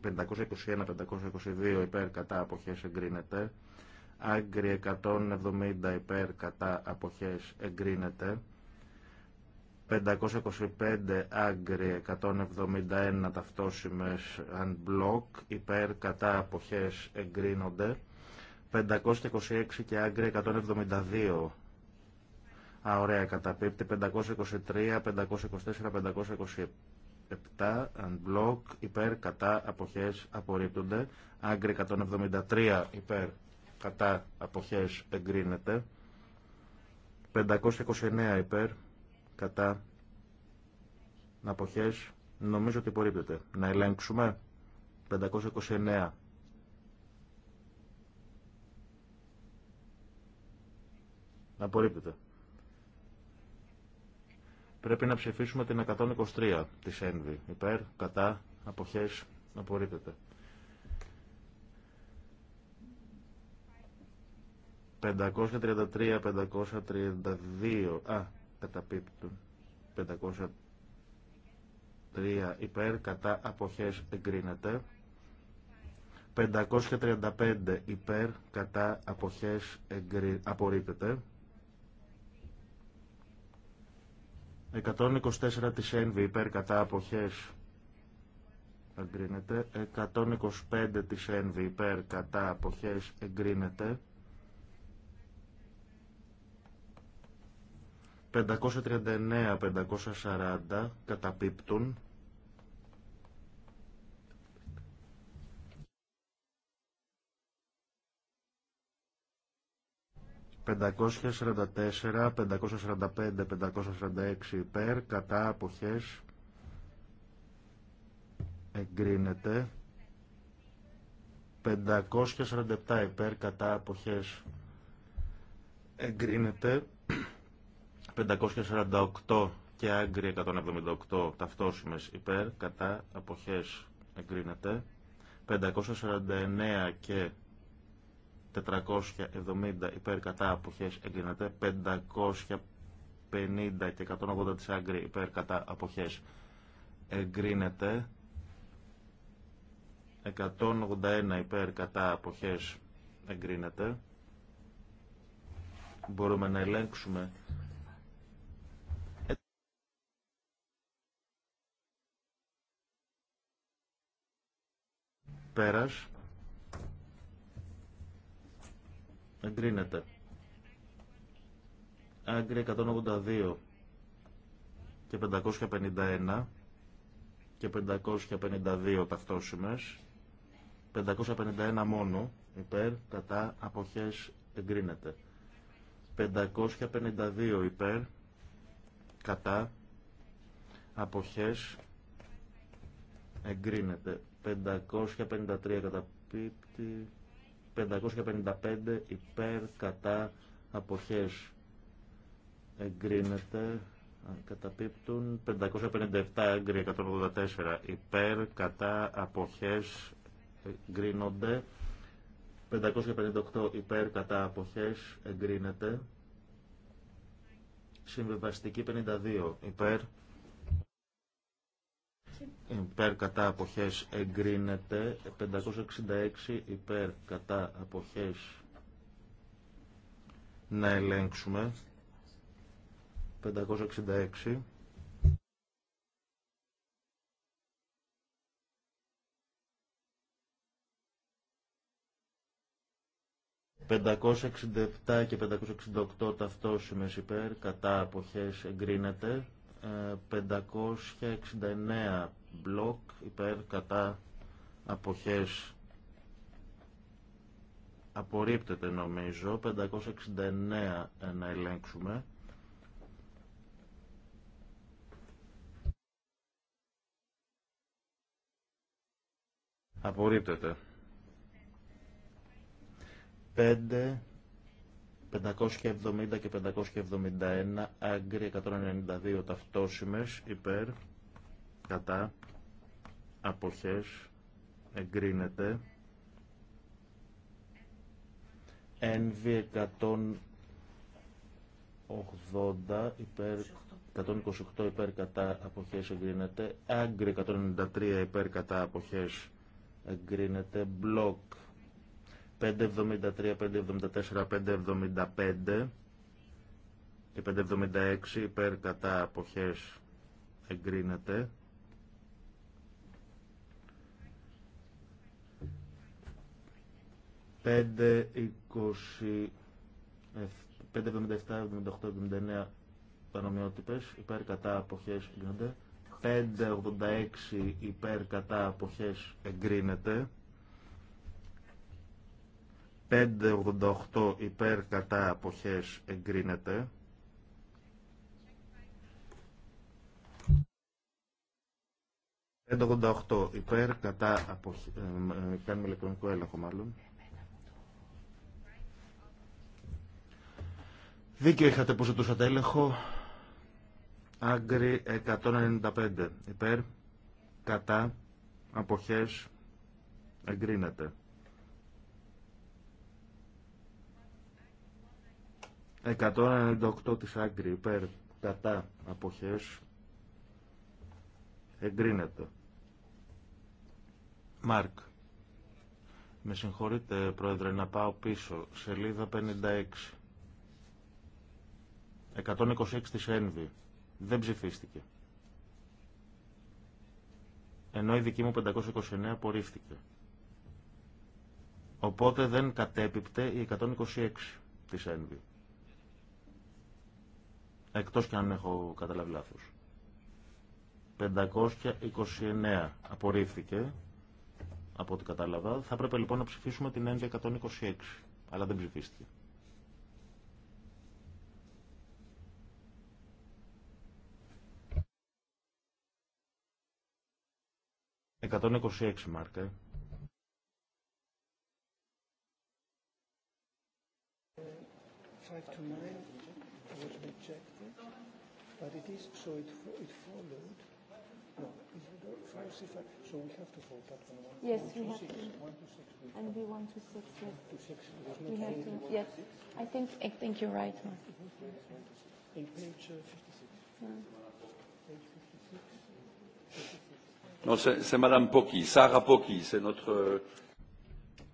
521-522 υπέρ κατά αποχές εγκρίνεται. Άγκρι 170 υπέρ κατά αποχές εγκρίνεται. 525 άγκρι 171 ταυτόσημες unblock υπέρ κατά αποχές εγκρίνονται. 526 και άγκρι 172 Α, ωραία, καταπίπτει 523, 524, 527 7 unblock υπέρ κατά αποχές απορρίπτονται. Άγκρη 173 υπέρ κατά αποχές εγκρίνεται. 529 υπέρ κατά αποχές νομίζω ότι απορρίπτεται. Να ελέγξουμε 529 Απορρίπτεται. Πρέπει να ψηφίσουμε την 123 της ΕΝΒΗ. Υπέρ, κατά, αποχές, απορρίπτεται. 533, 532, α, καταπίπτουν. 503 υπέρ, κατά, αποχές, εγκρίνεται. 535 υπέρ, κατά, αποχές, εγκρι... απορρίπτεται. 124 της ΕΝΒΗ υπέρ κατά αποχές εγκρίνεται. 125 της ΕΝΒΗ υπέρ κατά αποχές εγκρίνεται. 539-540 καταπίπτουν. 544, 545, 546 υπέρ, κατά αποχές εγκρίνεται. 547 υπέρ, κατά αποχές εγκρίνεται. 548 και άγκρι 178 ταυτόσιμες υπέρ, κατά αποχές εγκρίνεται. 549 και 470 υπέρ κατά αποχές εγκρίνεται, 550 και 180 της άγκρη υπέρ κατά αποχές εγκρίνεται, 181 υπέρ κατά αποχές εγκρίνεται. Μπορούμε να ελέγξουμε πέρας Εγκρίνεται. Άγκρι 182 και 551 και 552 ταυτόσημες. 551 μόνο υπέρ, κατά, αποχές, εγκρίνεται. 552 υπέρ, κατά, αποχές, εγκρίνεται. 553 κατά πίπτη... 555 υπέρ κατά αποχές εγκρίνεται καταπίπτουν 557 έγκρι 184 υπέρ κατά αποχές εγκρίνονται 558 υπέρ κατά αποχές εγκρίνεται συμβεβαστική 52 υπέρ υπέρ κατά αποχές εγκρίνεται 566 υπέρ κατά αποχές να ελέγξουμε 566 567 και 568 ταυτόσημες υπέρ, κατά αποχές εγκρίνεται. 569 μπλοκ υπέρ κατά αποχές απορρίπτεται νομίζω 569 να ελέγξουμε απορρίπτεται 570 και 571, άγκρι 192 ταυτόσιμες, υπέρ, κατά, αποχές, εγκρίνεται. Ένβι 180 υπέρ 128 υπέρ κατά αποχές εγκρίνεται. Άγκρι 193 υπέρ κατά αποχές εγκρίνεται. Μπλοκ 573, 574, 575 και 576 υπέρ κατά αποχές εγκρίνεται. Πέντε, 577, 78, 79 πανομοιότυπες υπέρ κατά αποχές εγκρίνεται 586 υπέρ κατά αποχές εγκρίνεται. 588 υπέρ κατά αποχές εγκρίνεται. «588 υπέρ κατά αποχές, ε, ε, κάνουμε ηλεκτρονικό έλεγχο μάλλον. Δίκιο είχατε που ζητούσατε έλεγχο. Άγκρι 195 υπέρ κατά αποχές εγκρίνεται. 198 της Άγκρη υπέρ κατά αποχές εγκρίνεται. Μάρκ. Με συγχωρείτε πρόεδρε να πάω πίσω. Σελίδα 56. 126 της Ένβη. Δεν ψηφίστηκε. Ενώ η δική μου 529 απορρίφθηκε. Οπότε δεν κατέπιπτε η 126 της Ένβη. Εκτός και αν έχω καταλάβει λάθος. 529 απορρίφθηκε, από ό,τι κατάλαβα. Θα έπρεπε λοιπόν να ψηφίσουμε την ένδια 126, αλλά δεν ψηφίστηκε. ...126 μάρκα. But it is, so it, it followed. No, is it five six, five? So we have to that one. one yes, we have to. One six. And we want to six, yes. six. we have to, yes. I think, I think you're right, Mark. In Page Non, c'est Madame Pocky, Sarah c'est notre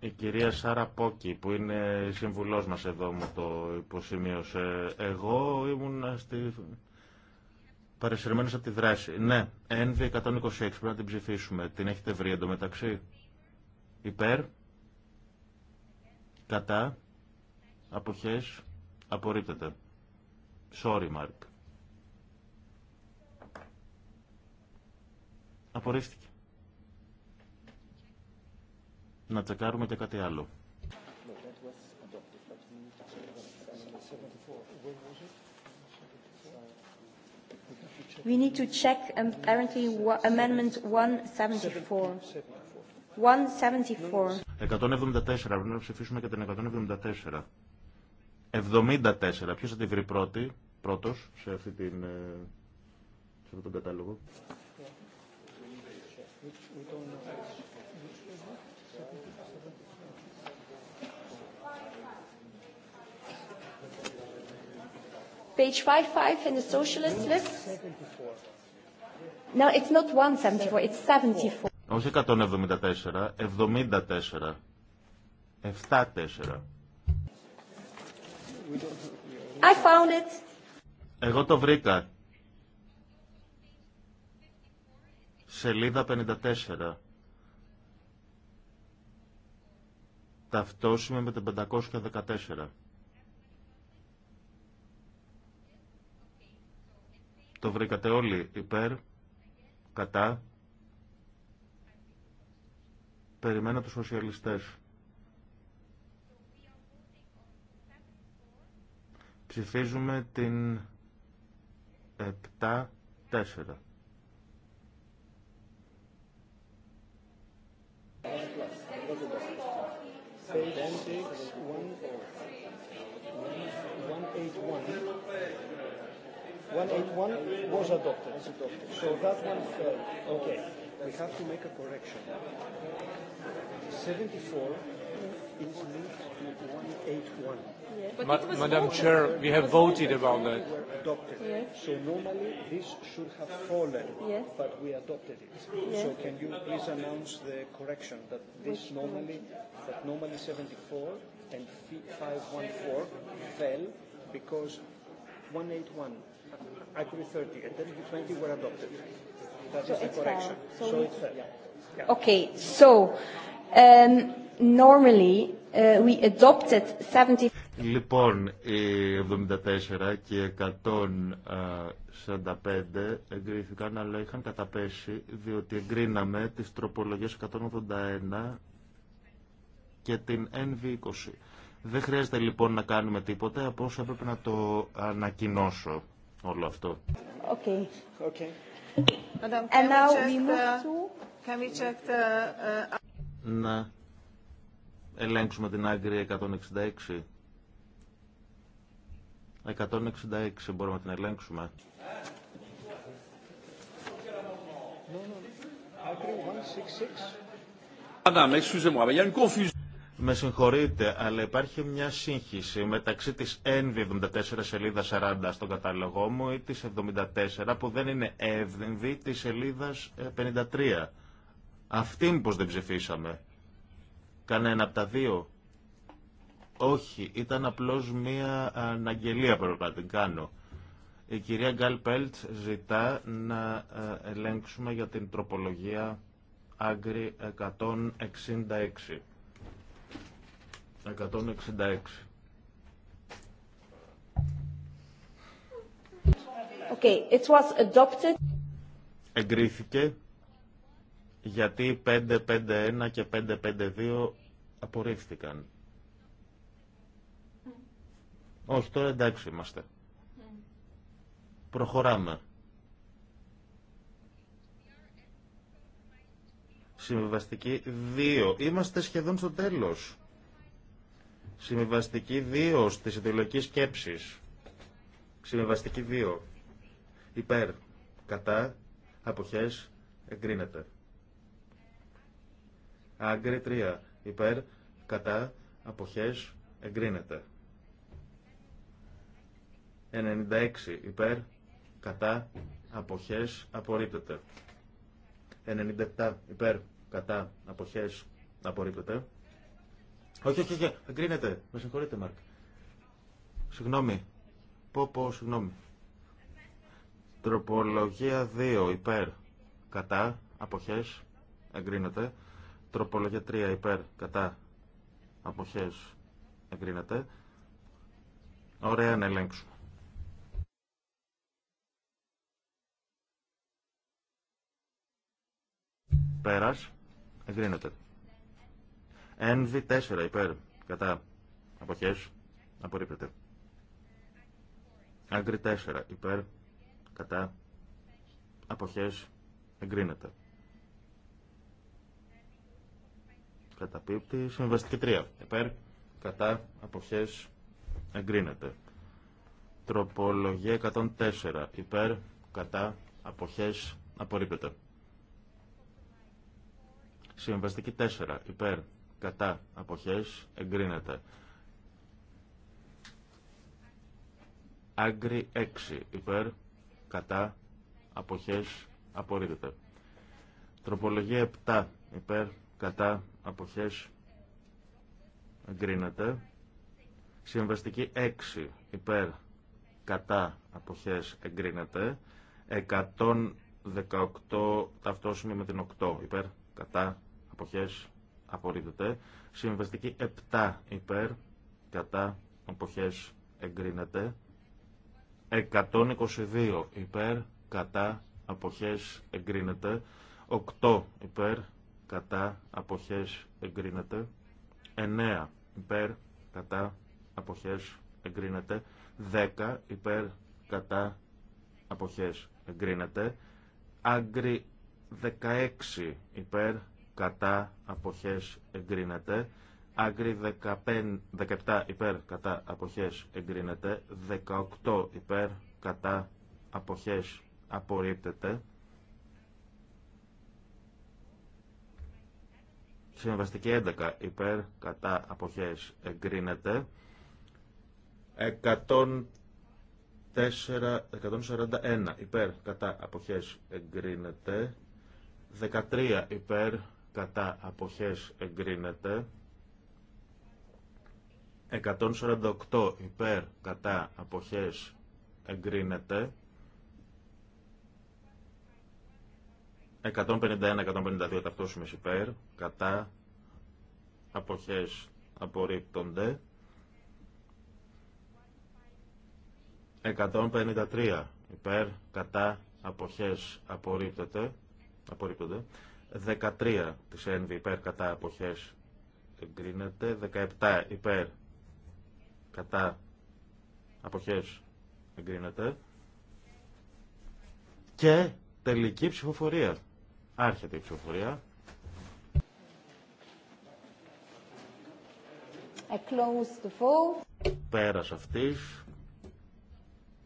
η κυρία Σάρα Πόκη που είναι συμβουλός μας εδώ μου το υποσημείωσε. Εγώ ήμουν στη Παρεσυρμένο από τη δράση. Ναι, NV 126 πρέπει να την ψηφίσουμε. Την έχετε βρει εντωμεταξύ. Υπέρ. Κατά. αποχέ. Απορρίπτεται. Sorry, Mark. Απορρίφθηκε. Να τσεκάρουμε και κάτι άλλο. We need to check um, apparently amendment 174. 174. 174. Πρέπει να ψηφίσουμε και την 174. 74. Ποιος θα τη βρει πρώτη, πρώτος σε, αυτή την, ε, σε αυτόν τον κατάλογο. Page 55 in the socialist list. No, it's not 174, it's 74. Όχι 174, 74. 74. I found it. Εγώ το βρήκα. Σελίδα 54. Ταυτόσιμη με την 514. Το βρήκατε όλοι υπέρ, κατά. Περιμένω τους σοσιαλιστές. Ψηφίζουμε την 7-4. 181 was adopted. So that one fell. Okay. We have to make a correction. 74 is linked to 181. Madam Chair, we have voted about that. So normally this should have fallen, but we adopted it. So can you please announce the correction that this normally, that normally 74 and 514 fell because 181 actually 30, and then the 20 were adopted. That so is the correction. So so it's fair. yeah. Okay, so um, normally uh, we adopted 70. Λοιπόν, οι 74 και 145 εγκρίθηκαν, αλλά είχαν καταπέσει, διότι εγκρίναμε τις τροπολογίες 181 και την NV20. Δεν χρειάζεται λοιπόν να κάνουμε τίποτα, από όσο έπρεπε να το ανακοινώσω όλο αυτό. Okay. Okay. And now we move to... Can we check the... Να ελέγξουμε την άγκρη 166. 166 μπορούμε να την ελέγξουμε. Madame, excusez-moi, mais il y a une confusion. Με συγχωρείτε, αλλά υπάρχει μια σύγχυση μεταξύ της NV74 σελίδα 40 στον κατάλογό μου ή της 74 που δεν είναι εύδυνδη της σελίδας 53. Ε, Αυτήν πως δεν ψηφίσαμε. Κανένα από τα δύο. Όχι, ήταν απλώς μια αναγγελία πρέπει να την κάνω. Η κυρία Γκάλ Πέλτ ζητά να ε, ελέγξουμε για την τροπολογία Άγκρι 166. 166. Okay, it was adopted. Εγκρίθηκε γιατί 551 και 552 απορρίφθηκαν. Όχι, τώρα εντάξει είμαστε. Προχωράμε. Συμβιβαστική 2. Είμαστε σχεδόν στο τέλος. Συμβιβαστική 2 στις ιδεολογικές σκέψεις. Συμβιβαστική 2. Υπέρ. Κατά. Αποχές. Εγκρίνεται. Άγκρι 3. Υπέρ. Κατά. Αποχές. Εγκρίνεται. 96. Υπέρ. Κατά. Αποχές. Απορρίπτεται. 97. Υπέρ. Κατά. Αποχές. Απορρίπτεται. Όχι, όχι, όχι, εγκρίνεται. Με συγχωρείτε, Μάρκ. Συγγνώμη. Πω, πω, συγγνώμη. Τροπολογία 2, υπέρ, κατά, αποχές, εγκρίνεται. Τροπολογία 3, υπέρ, κατά, αποχές, εγκρίνεται. Ωραία να ελέγξουμε. Πέρας, εγκρίνεται. NV4 υπέρ. Κατά. Αποχές. Απορρίπτεται. Άγκρι 4 υπέρ. Κατά. Αποχές. Εγκρίνεται. Καταπίπτει. Συμβαστική 3 υπέρ. Κατά. Αποχές. Εγκρίνεται. Τροπολογία 104 υπέρ. Κατά. Αποχές. Απορρίπτεται. Συμβαστική 4 υπέρ κατά αποχές εγκρίνεται. Άγκρι 6 υπέρ κατά αποχές απορρίπτεται. Τροπολογία 7 υπέρ κατά αποχές εγκρίνεται. Συμβαστική 6 υπέρ κατά αποχές εγκρίνεται. 118 ταυτόσιμη με την 8 υπέρ κατά αποχές απορρίπτεται. Συμβαστική 7 υπέρ, κατά, αποχές εγκρίνεται. 122 υπέρ, κατά, αποχές εγκρίνεται. 8 υπέρ, κατά, αποχές εγκρίνεται. 9 υπέρ, κατά, αποχές εγκρίνεται. 10 υπέρ, κατά, αποχές εγκρίνεται. Άγκρι 16 υπέρ, κατά αποχές εγκρίνεται. Άγκρι 15, 17 υπέρ κατά αποχές εγκρίνεται. 18 υπέρ κατά αποχές απορρίπτεται. Συμβαστική 11 υπέρ κατά αποχές εγκρίνεται. 104, 141 υπέρ κατά αποχές εγκρίνεται. 13 υπέρ κατά αποχές εγκρίνεται 148 υπέρ κατά αποχές εγκρίνεται 151-152 ταυτόσιμες υπέρ κατά αποχές απορρίπτονται 153 υπέρ κατά αποχές απορρίπτονται απορρίπτονται 13 της ΕΝΒ υπέρ κατά αποχές εγκρίνεται. 17 υπέρ κατά αποχές εγκρίνεται. Και τελική ψηφοφορία. Άρχεται η ψηφοφορία. I close Πέρας αυτής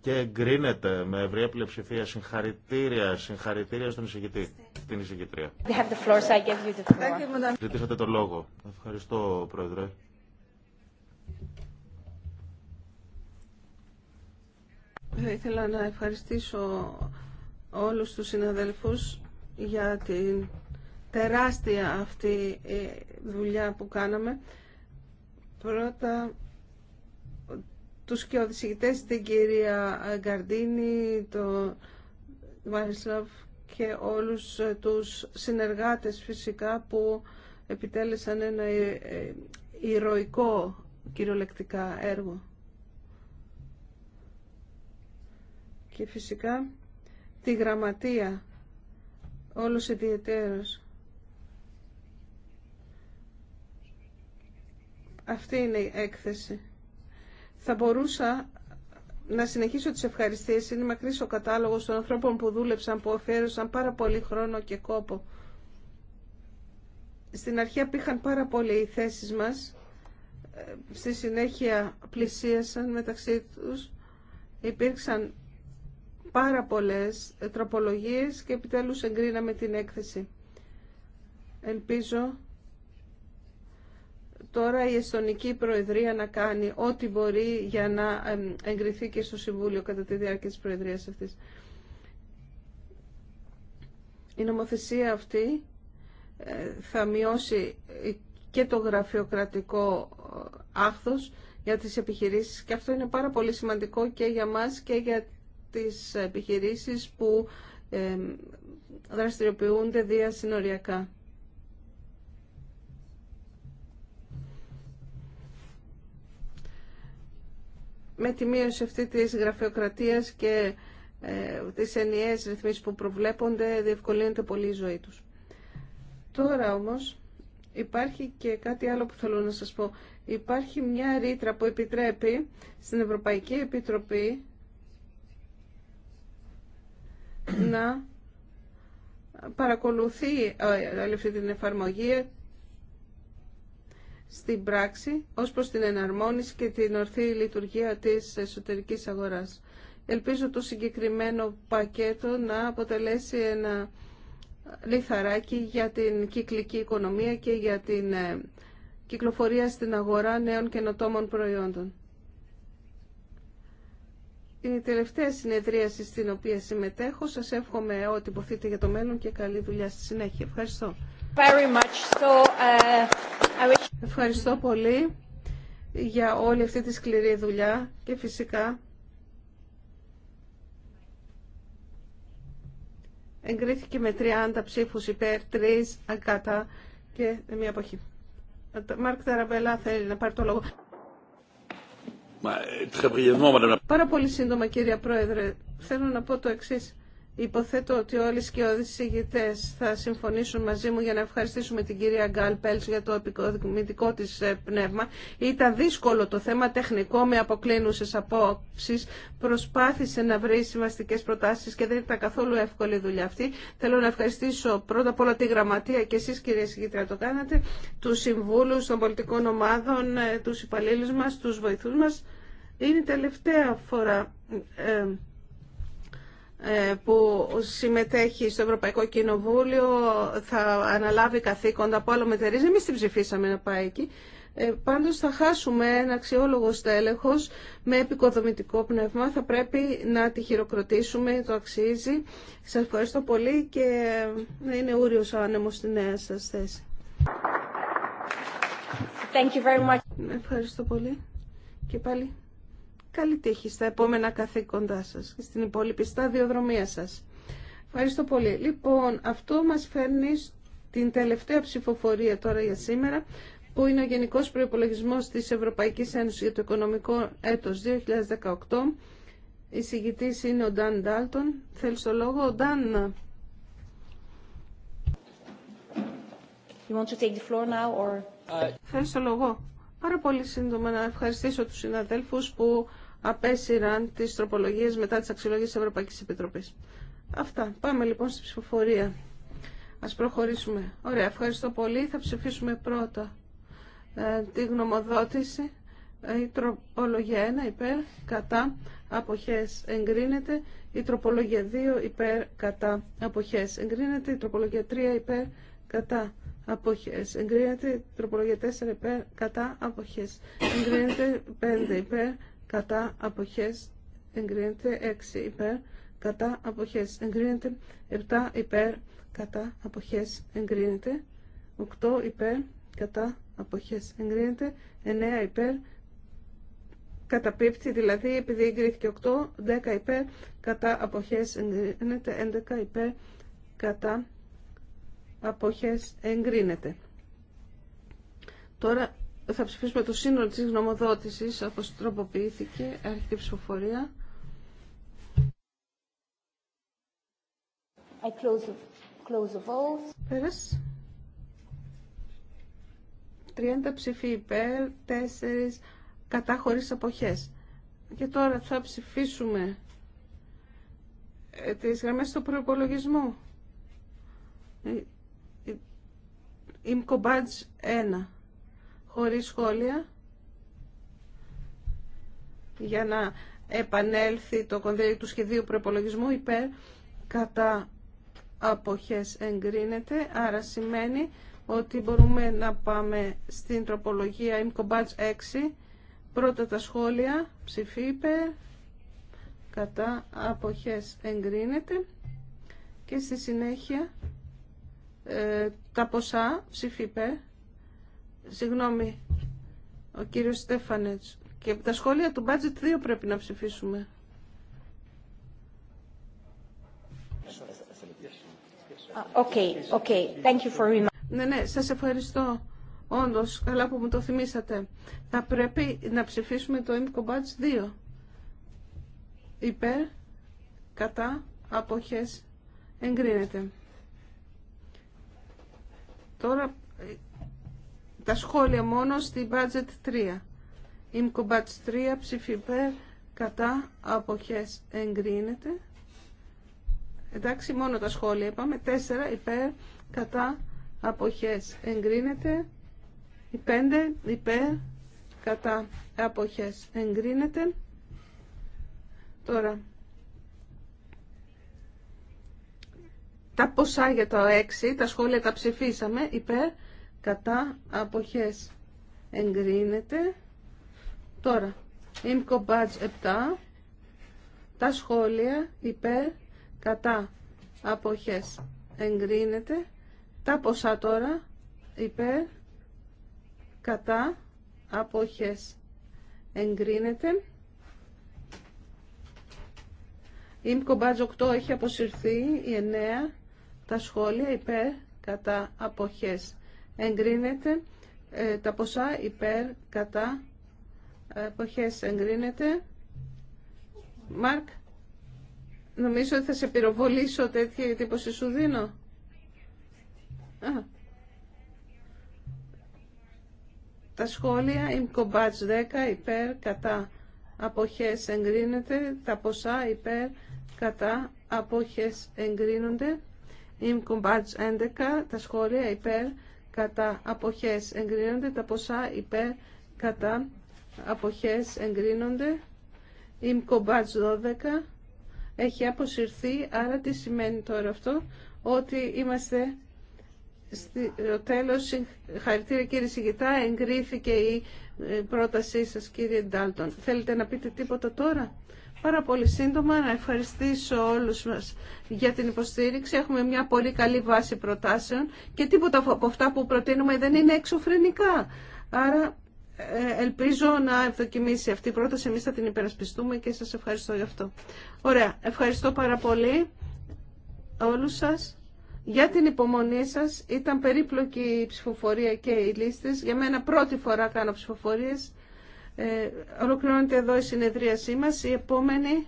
και εγκρίνεται με ευρία πλειοψηφία συγχαρητήρια, συγχαρητήρια στον εισηγητή την εισηγητρία. Ζητήσατε το λόγο. Ευχαριστώ, Πρόεδρε. Θα ήθελα να ευχαριστήσω όλους τους συναδέλφους για την τεράστια αυτή ε, δουλειά που κάναμε. Πρώτα τους και την κυρία Γκαρντίνη, τον Μάρισλαβ και όλους τους συνεργάτες φυσικά που επιτέλεσαν ένα ε, ε, ηρωικό κυριολεκτικά έργο. Και φυσικά τη γραμματεία όλους ιδιαιτέρως. Αυτή είναι η έκθεση. Θα μπορούσα να συνεχίσω τις ευχαριστίες. Είναι μακρύς ο κατάλογος των ανθρώπων που δούλεψαν, που αφιέρωσαν πάρα πολύ χρόνο και κόπο. Στην αρχή απήχαν πάρα πολύ οι θέσεις μας. Ε, στη συνέχεια πλησίασαν μεταξύ τους. Υπήρξαν πάρα πολλές τροπολογίες και επιτέλους εγκρίναμε την έκθεση. Ελπίζω τώρα η Εστονική Προεδρία να κάνει ό,τι μπορεί για να εγκριθεί και στο Συμβούλιο κατά τη διάρκεια της Προεδρίας αυτής. Η νομοθεσία αυτή ε, θα μειώσει ε, και το γραφειοκρατικό ε, άχθος για τις επιχειρήσεις και αυτό είναι πάρα πολύ σημαντικό και για μας και για τις επιχειρήσεις που δραστηριοποιούνται διασυνοριακά. με τη μείωση αυτή της γραφειοκρατίας και ε, τις ενιαίες ρυθμίσεις που προβλέπονται διευκολύνεται πολύ η ζωή τους. Τώρα όμως υπάρχει και κάτι άλλο που θέλω να σας πω. Υπάρχει μια ρήτρα που επιτρέπει στην Ευρωπαϊκή Επιτροπή να παρακολουθεί ε, όλη αυτή την εφαρμογή στην πράξη ως προς την εναρμόνιση και την ορθή λειτουργία της εσωτερικής αγοράς. Ελπίζω το συγκεκριμένο πακέτο να αποτελέσει ένα λιθαράκι για την κυκλική οικονομία και για την ε, κυκλοφορία στην αγορά νέων καινοτόμων προϊόντων. Είναι η τελευταία συνεδρίαση στην οποία συμμετέχω. Σας εύχομαι ό,τι υποθείτε για το μέλλον και καλή δουλειά στη συνέχεια. Ευχαριστώ. Uh, Ευχαριστώ πολύ για όλη αυτή τη σκληρή δουλειά και φυσικά εγκρίθηκε με 30 ψήφους υπέρ, 3 ακάτα και μία εποχή. Μάρκ Ταραμπελά θέλει να πάρει το λόγο. Ε, Πάρα πολύ σύντομα κύριε Πρόεδρε, θέλω να πω το εξής. Υποθέτω ότι όλοι οι σκιώδεις θα συμφωνήσουν μαζί μου για να ευχαριστήσουμε την κυρία Γκάλ Πέλτ για το επικοδομητικό της ε, πνεύμα. Ήταν δύσκολο το θέμα τεχνικό με αποκλίνουσες απόψεις. Προσπάθησε να βρει συμβαστικές προτάσεις και δεν ήταν καθόλου εύκολη η δουλειά αυτή. Θέλω να ευχαριστήσω πρώτα απ' όλα τη γραμματεία και εσείς κυρία Συγήτρια το κάνατε, τους συμβούλους των πολιτικών ομάδων, ε, τους υπαλλήλου μας, τους βοηθούς μας. Είναι η τελευταία φορά ε, ε, που συμμετέχει στο Ευρωπαϊκό Κοινοβούλιο θα αναλάβει καθήκοντα από άλλο μετερίζει. Εμείς την ψηφίσαμε να πάει εκεί. Ε, πάντως θα χάσουμε ένα αξιόλογο στέλεχος με επικοδομητικό πνεύμα. Θα πρέπει να τη χειροκροτήσουμε, το αξίζει. Σας ευχαριστώ πολύ και να ε, είναι ούριος ο άνεμος στη νέα σας θέση. Thank you Ευχαριστώ πολύ. Και πάλι. Καλή τύχη στα επόμενα καθήκοντά σας και στην υπόλοιπη σταδιοδρομία σας. Ευχαριστώ πολύ. Λοιπόν, αυτό μας φέρνει την τελευταία ψηφοφορία τώρα για σήμερα, που είναι ο Γενικός Προϋπολογισμός της Ευρωπαϊκής Ένωσης για το Οικονομικό Έτος 2018. Η συγκητής είναι ο Ντάν Ντάλτον. Θέλεις το λόγο, ο Ντάν. You want to take the floor Θέλεις το λόγο. Πάρα πολύ σύντομα να ευχαριστήσω τους συναδέλφους που απέσυραν τις τροπολογίες μετά τις αξιολογίες της Ευρωπαϊκής Επιτροπής. Αυτά. Πάμε λοιπόν στη ψηφοφορία. Ας προχωρήσουμε. Ωραία. Ευχαριστώ πολύ. Θα ψηφίσουμε πρώτα ε, τη γνωμοδότηση. Ε, η τροπολογία 1 υπέρ, κατά, αποχές εγκρίνεται. Η τροπολογία 2 υπέρ, κατά, αποχές εγκρίνεται. Η τροπολογία 3 υπέρ, κατά, αποχές. Εγκρίνεται τροπολογία 4 υπέρ, κατά, αποχές. Εγκρίνεται 5 υπέρ, κατά, αποχές. Εγκρίνεται 6 υπέρ, κατά, αποχές. Εγκρίνεται 7 υπέρ, κατά, αποχές. Εγκρίνεται 8 υπέρ, κατά, αποχές. Εγκρίνεται 9 υπέρ, καταπίπτει, δηλαδή επειδή εγκρίθηκε 8, 10 υπέρ, κατά αποχές εγκρίνεται, 11 υπέρ, κατά αποχές εγκρίνεται. Τώρα θα ψηφίσουμε το σύνολο της γνωμοδότησης, όπως τροποποιήθηκε, αρχική ψηφοφορία. I close close the vote. Πέρας. 30 ψηφί υπέρ, 4 κατά χωρίς αποχές. Και τώρα θα ψηφίσουμε ε, τις γραμμές στο προπολογισμού. Ε, Badge 1. Χωρίς σχόλια. Για να επανέλθει το κονδύλι του σχεδίου προπολογισμού υπέρ κατά αποχές εγκρίνεται. Άρα σημαίνει ότι μπορούμε να πάμε στην τροπολογία Badge 6. Πρώτα τα σχόλια. Ψηφί κατά αποχές εγκρίνεται. Και στη συνέχεια ε, τα ποσά, ψηφίπε, συγγνώμη, ο κύριος Στέφανετς. Και τα σχόλια του budget 2 πρέπει να ψηφίσουμε. Okay, okay. Thank you ναι, ναι, σας ευχαριστώ. Όντως, καλά που μου το θυμήσατε. Θα πρέπει να ψηφίσουμε το IMCO Badge 2. Υπέρ, κατά, αποχές, εγκρίνεται. Τώρα τα σχόλια μόνο στη budget 3. Η 3 ψήφι κατά αποχές εγκρίνεται. Εντάξει, μόνο τα σχόλια είπαμε. 4 υπέρ κατά αποχές εγκρίνεται. 5 υπέρ κατά αποχές εγκρίνεται. Τώρα Τα ποσά για το 6, τα σχόλια τα ψηφίσαμε, υπέρ, κατά, αποχές, εγκρίνεται. Τώρα, Badge 7, τα σχόλια, υπέρ, κατά, αποχές, εγκρίνεται. Τα ποσά τώρα, υπέρ, κατά, αποχές, εγκρίνεται. ΙΜΚΟ 8 έχει αποσυρθεί, η 9 τα σχόλια υπέρ κατά αποχές εγκρίνεται ε, τα ποσά υπέρ κατά αποχές εγκρίνεται Μάρκ νομίζω ότι θα σε πυροβολήσω τέτοια εντύπωση σου δίνω Α. τα σχόλια ημκομπάτς 10 υπέρ κατά αποχές εγκρίνεται τα ποσά υπέρ κατά αποχές εγκρίνονται ΥΜΚΟΜΠΑΤΣ 11, τα σχόλια υπέρ κατά αποχές εγκρίνονται, τα ποσά υπέρ κατά αποχές εγκρίνονται. ΥΜΚΟΜΠΑΤΣ 12, έχει αποσυρθεί, άρα τι σημαίνει τώρα αυτό, ότι είμαστε στο τέλος, χαρητήρα κύριε Σιγητά, εγκρίθηκε η ε, πρότασή σας κύριε Ντάλτον. Θέλετε να πείτε τίποτα τώρα. Πάρα πολύ σύντομα να ευχαριστήσω όλους μας για την υποστήριξη. Έχουμε μια πολύ καλή βάση προτάσεων και τίποτα από αυτά που προτείνουμε δεν είναι εξωφρενικά. Άρα ε, ελπίζω να ευδοκιμήσει αυτή η πρόταση. Εμείς θα την υπερασπιστούμε και σας ευχαριστώ γι' αυτό. Ωραία. Ευχαριστώ πάρα πολύ όλους σας για την υπομονή σας. Ήταν περίπλοκη η ψηφοφορία και οι λίστες. Για μένα πρώτη φορά κάνω ψηφοφορίες. Ε, ολοκληρώνεται εδώ η συνεδρίασή μας. Η επόμενη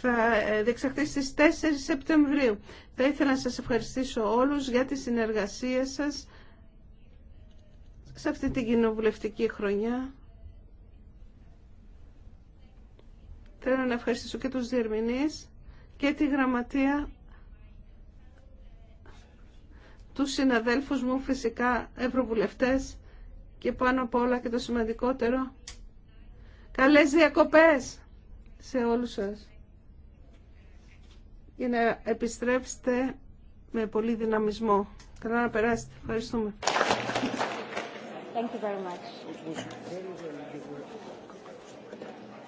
θα ε, διεξαχθεί στις 4 Σεπτεμβρίου. Θα ήθελα να σας ευχαριστήσω όλους για τη συνεργασία σας σε αυτή την κοινοβουλευτική χρονιά. Θέλω να ευχαριστήσω και τους διερμηνείς και τη γραμματεία τους συναδέλφους μου φυσικά ευρωβουλευτές και πάνω απ' όλα και το σημαντικότερο, καλές διακοπές σε όλους σας. Για να επιστρέψετε με πολύ δυναμισμό. Καλά να περάσετε. Ευχαριστούμε. Thank you very much.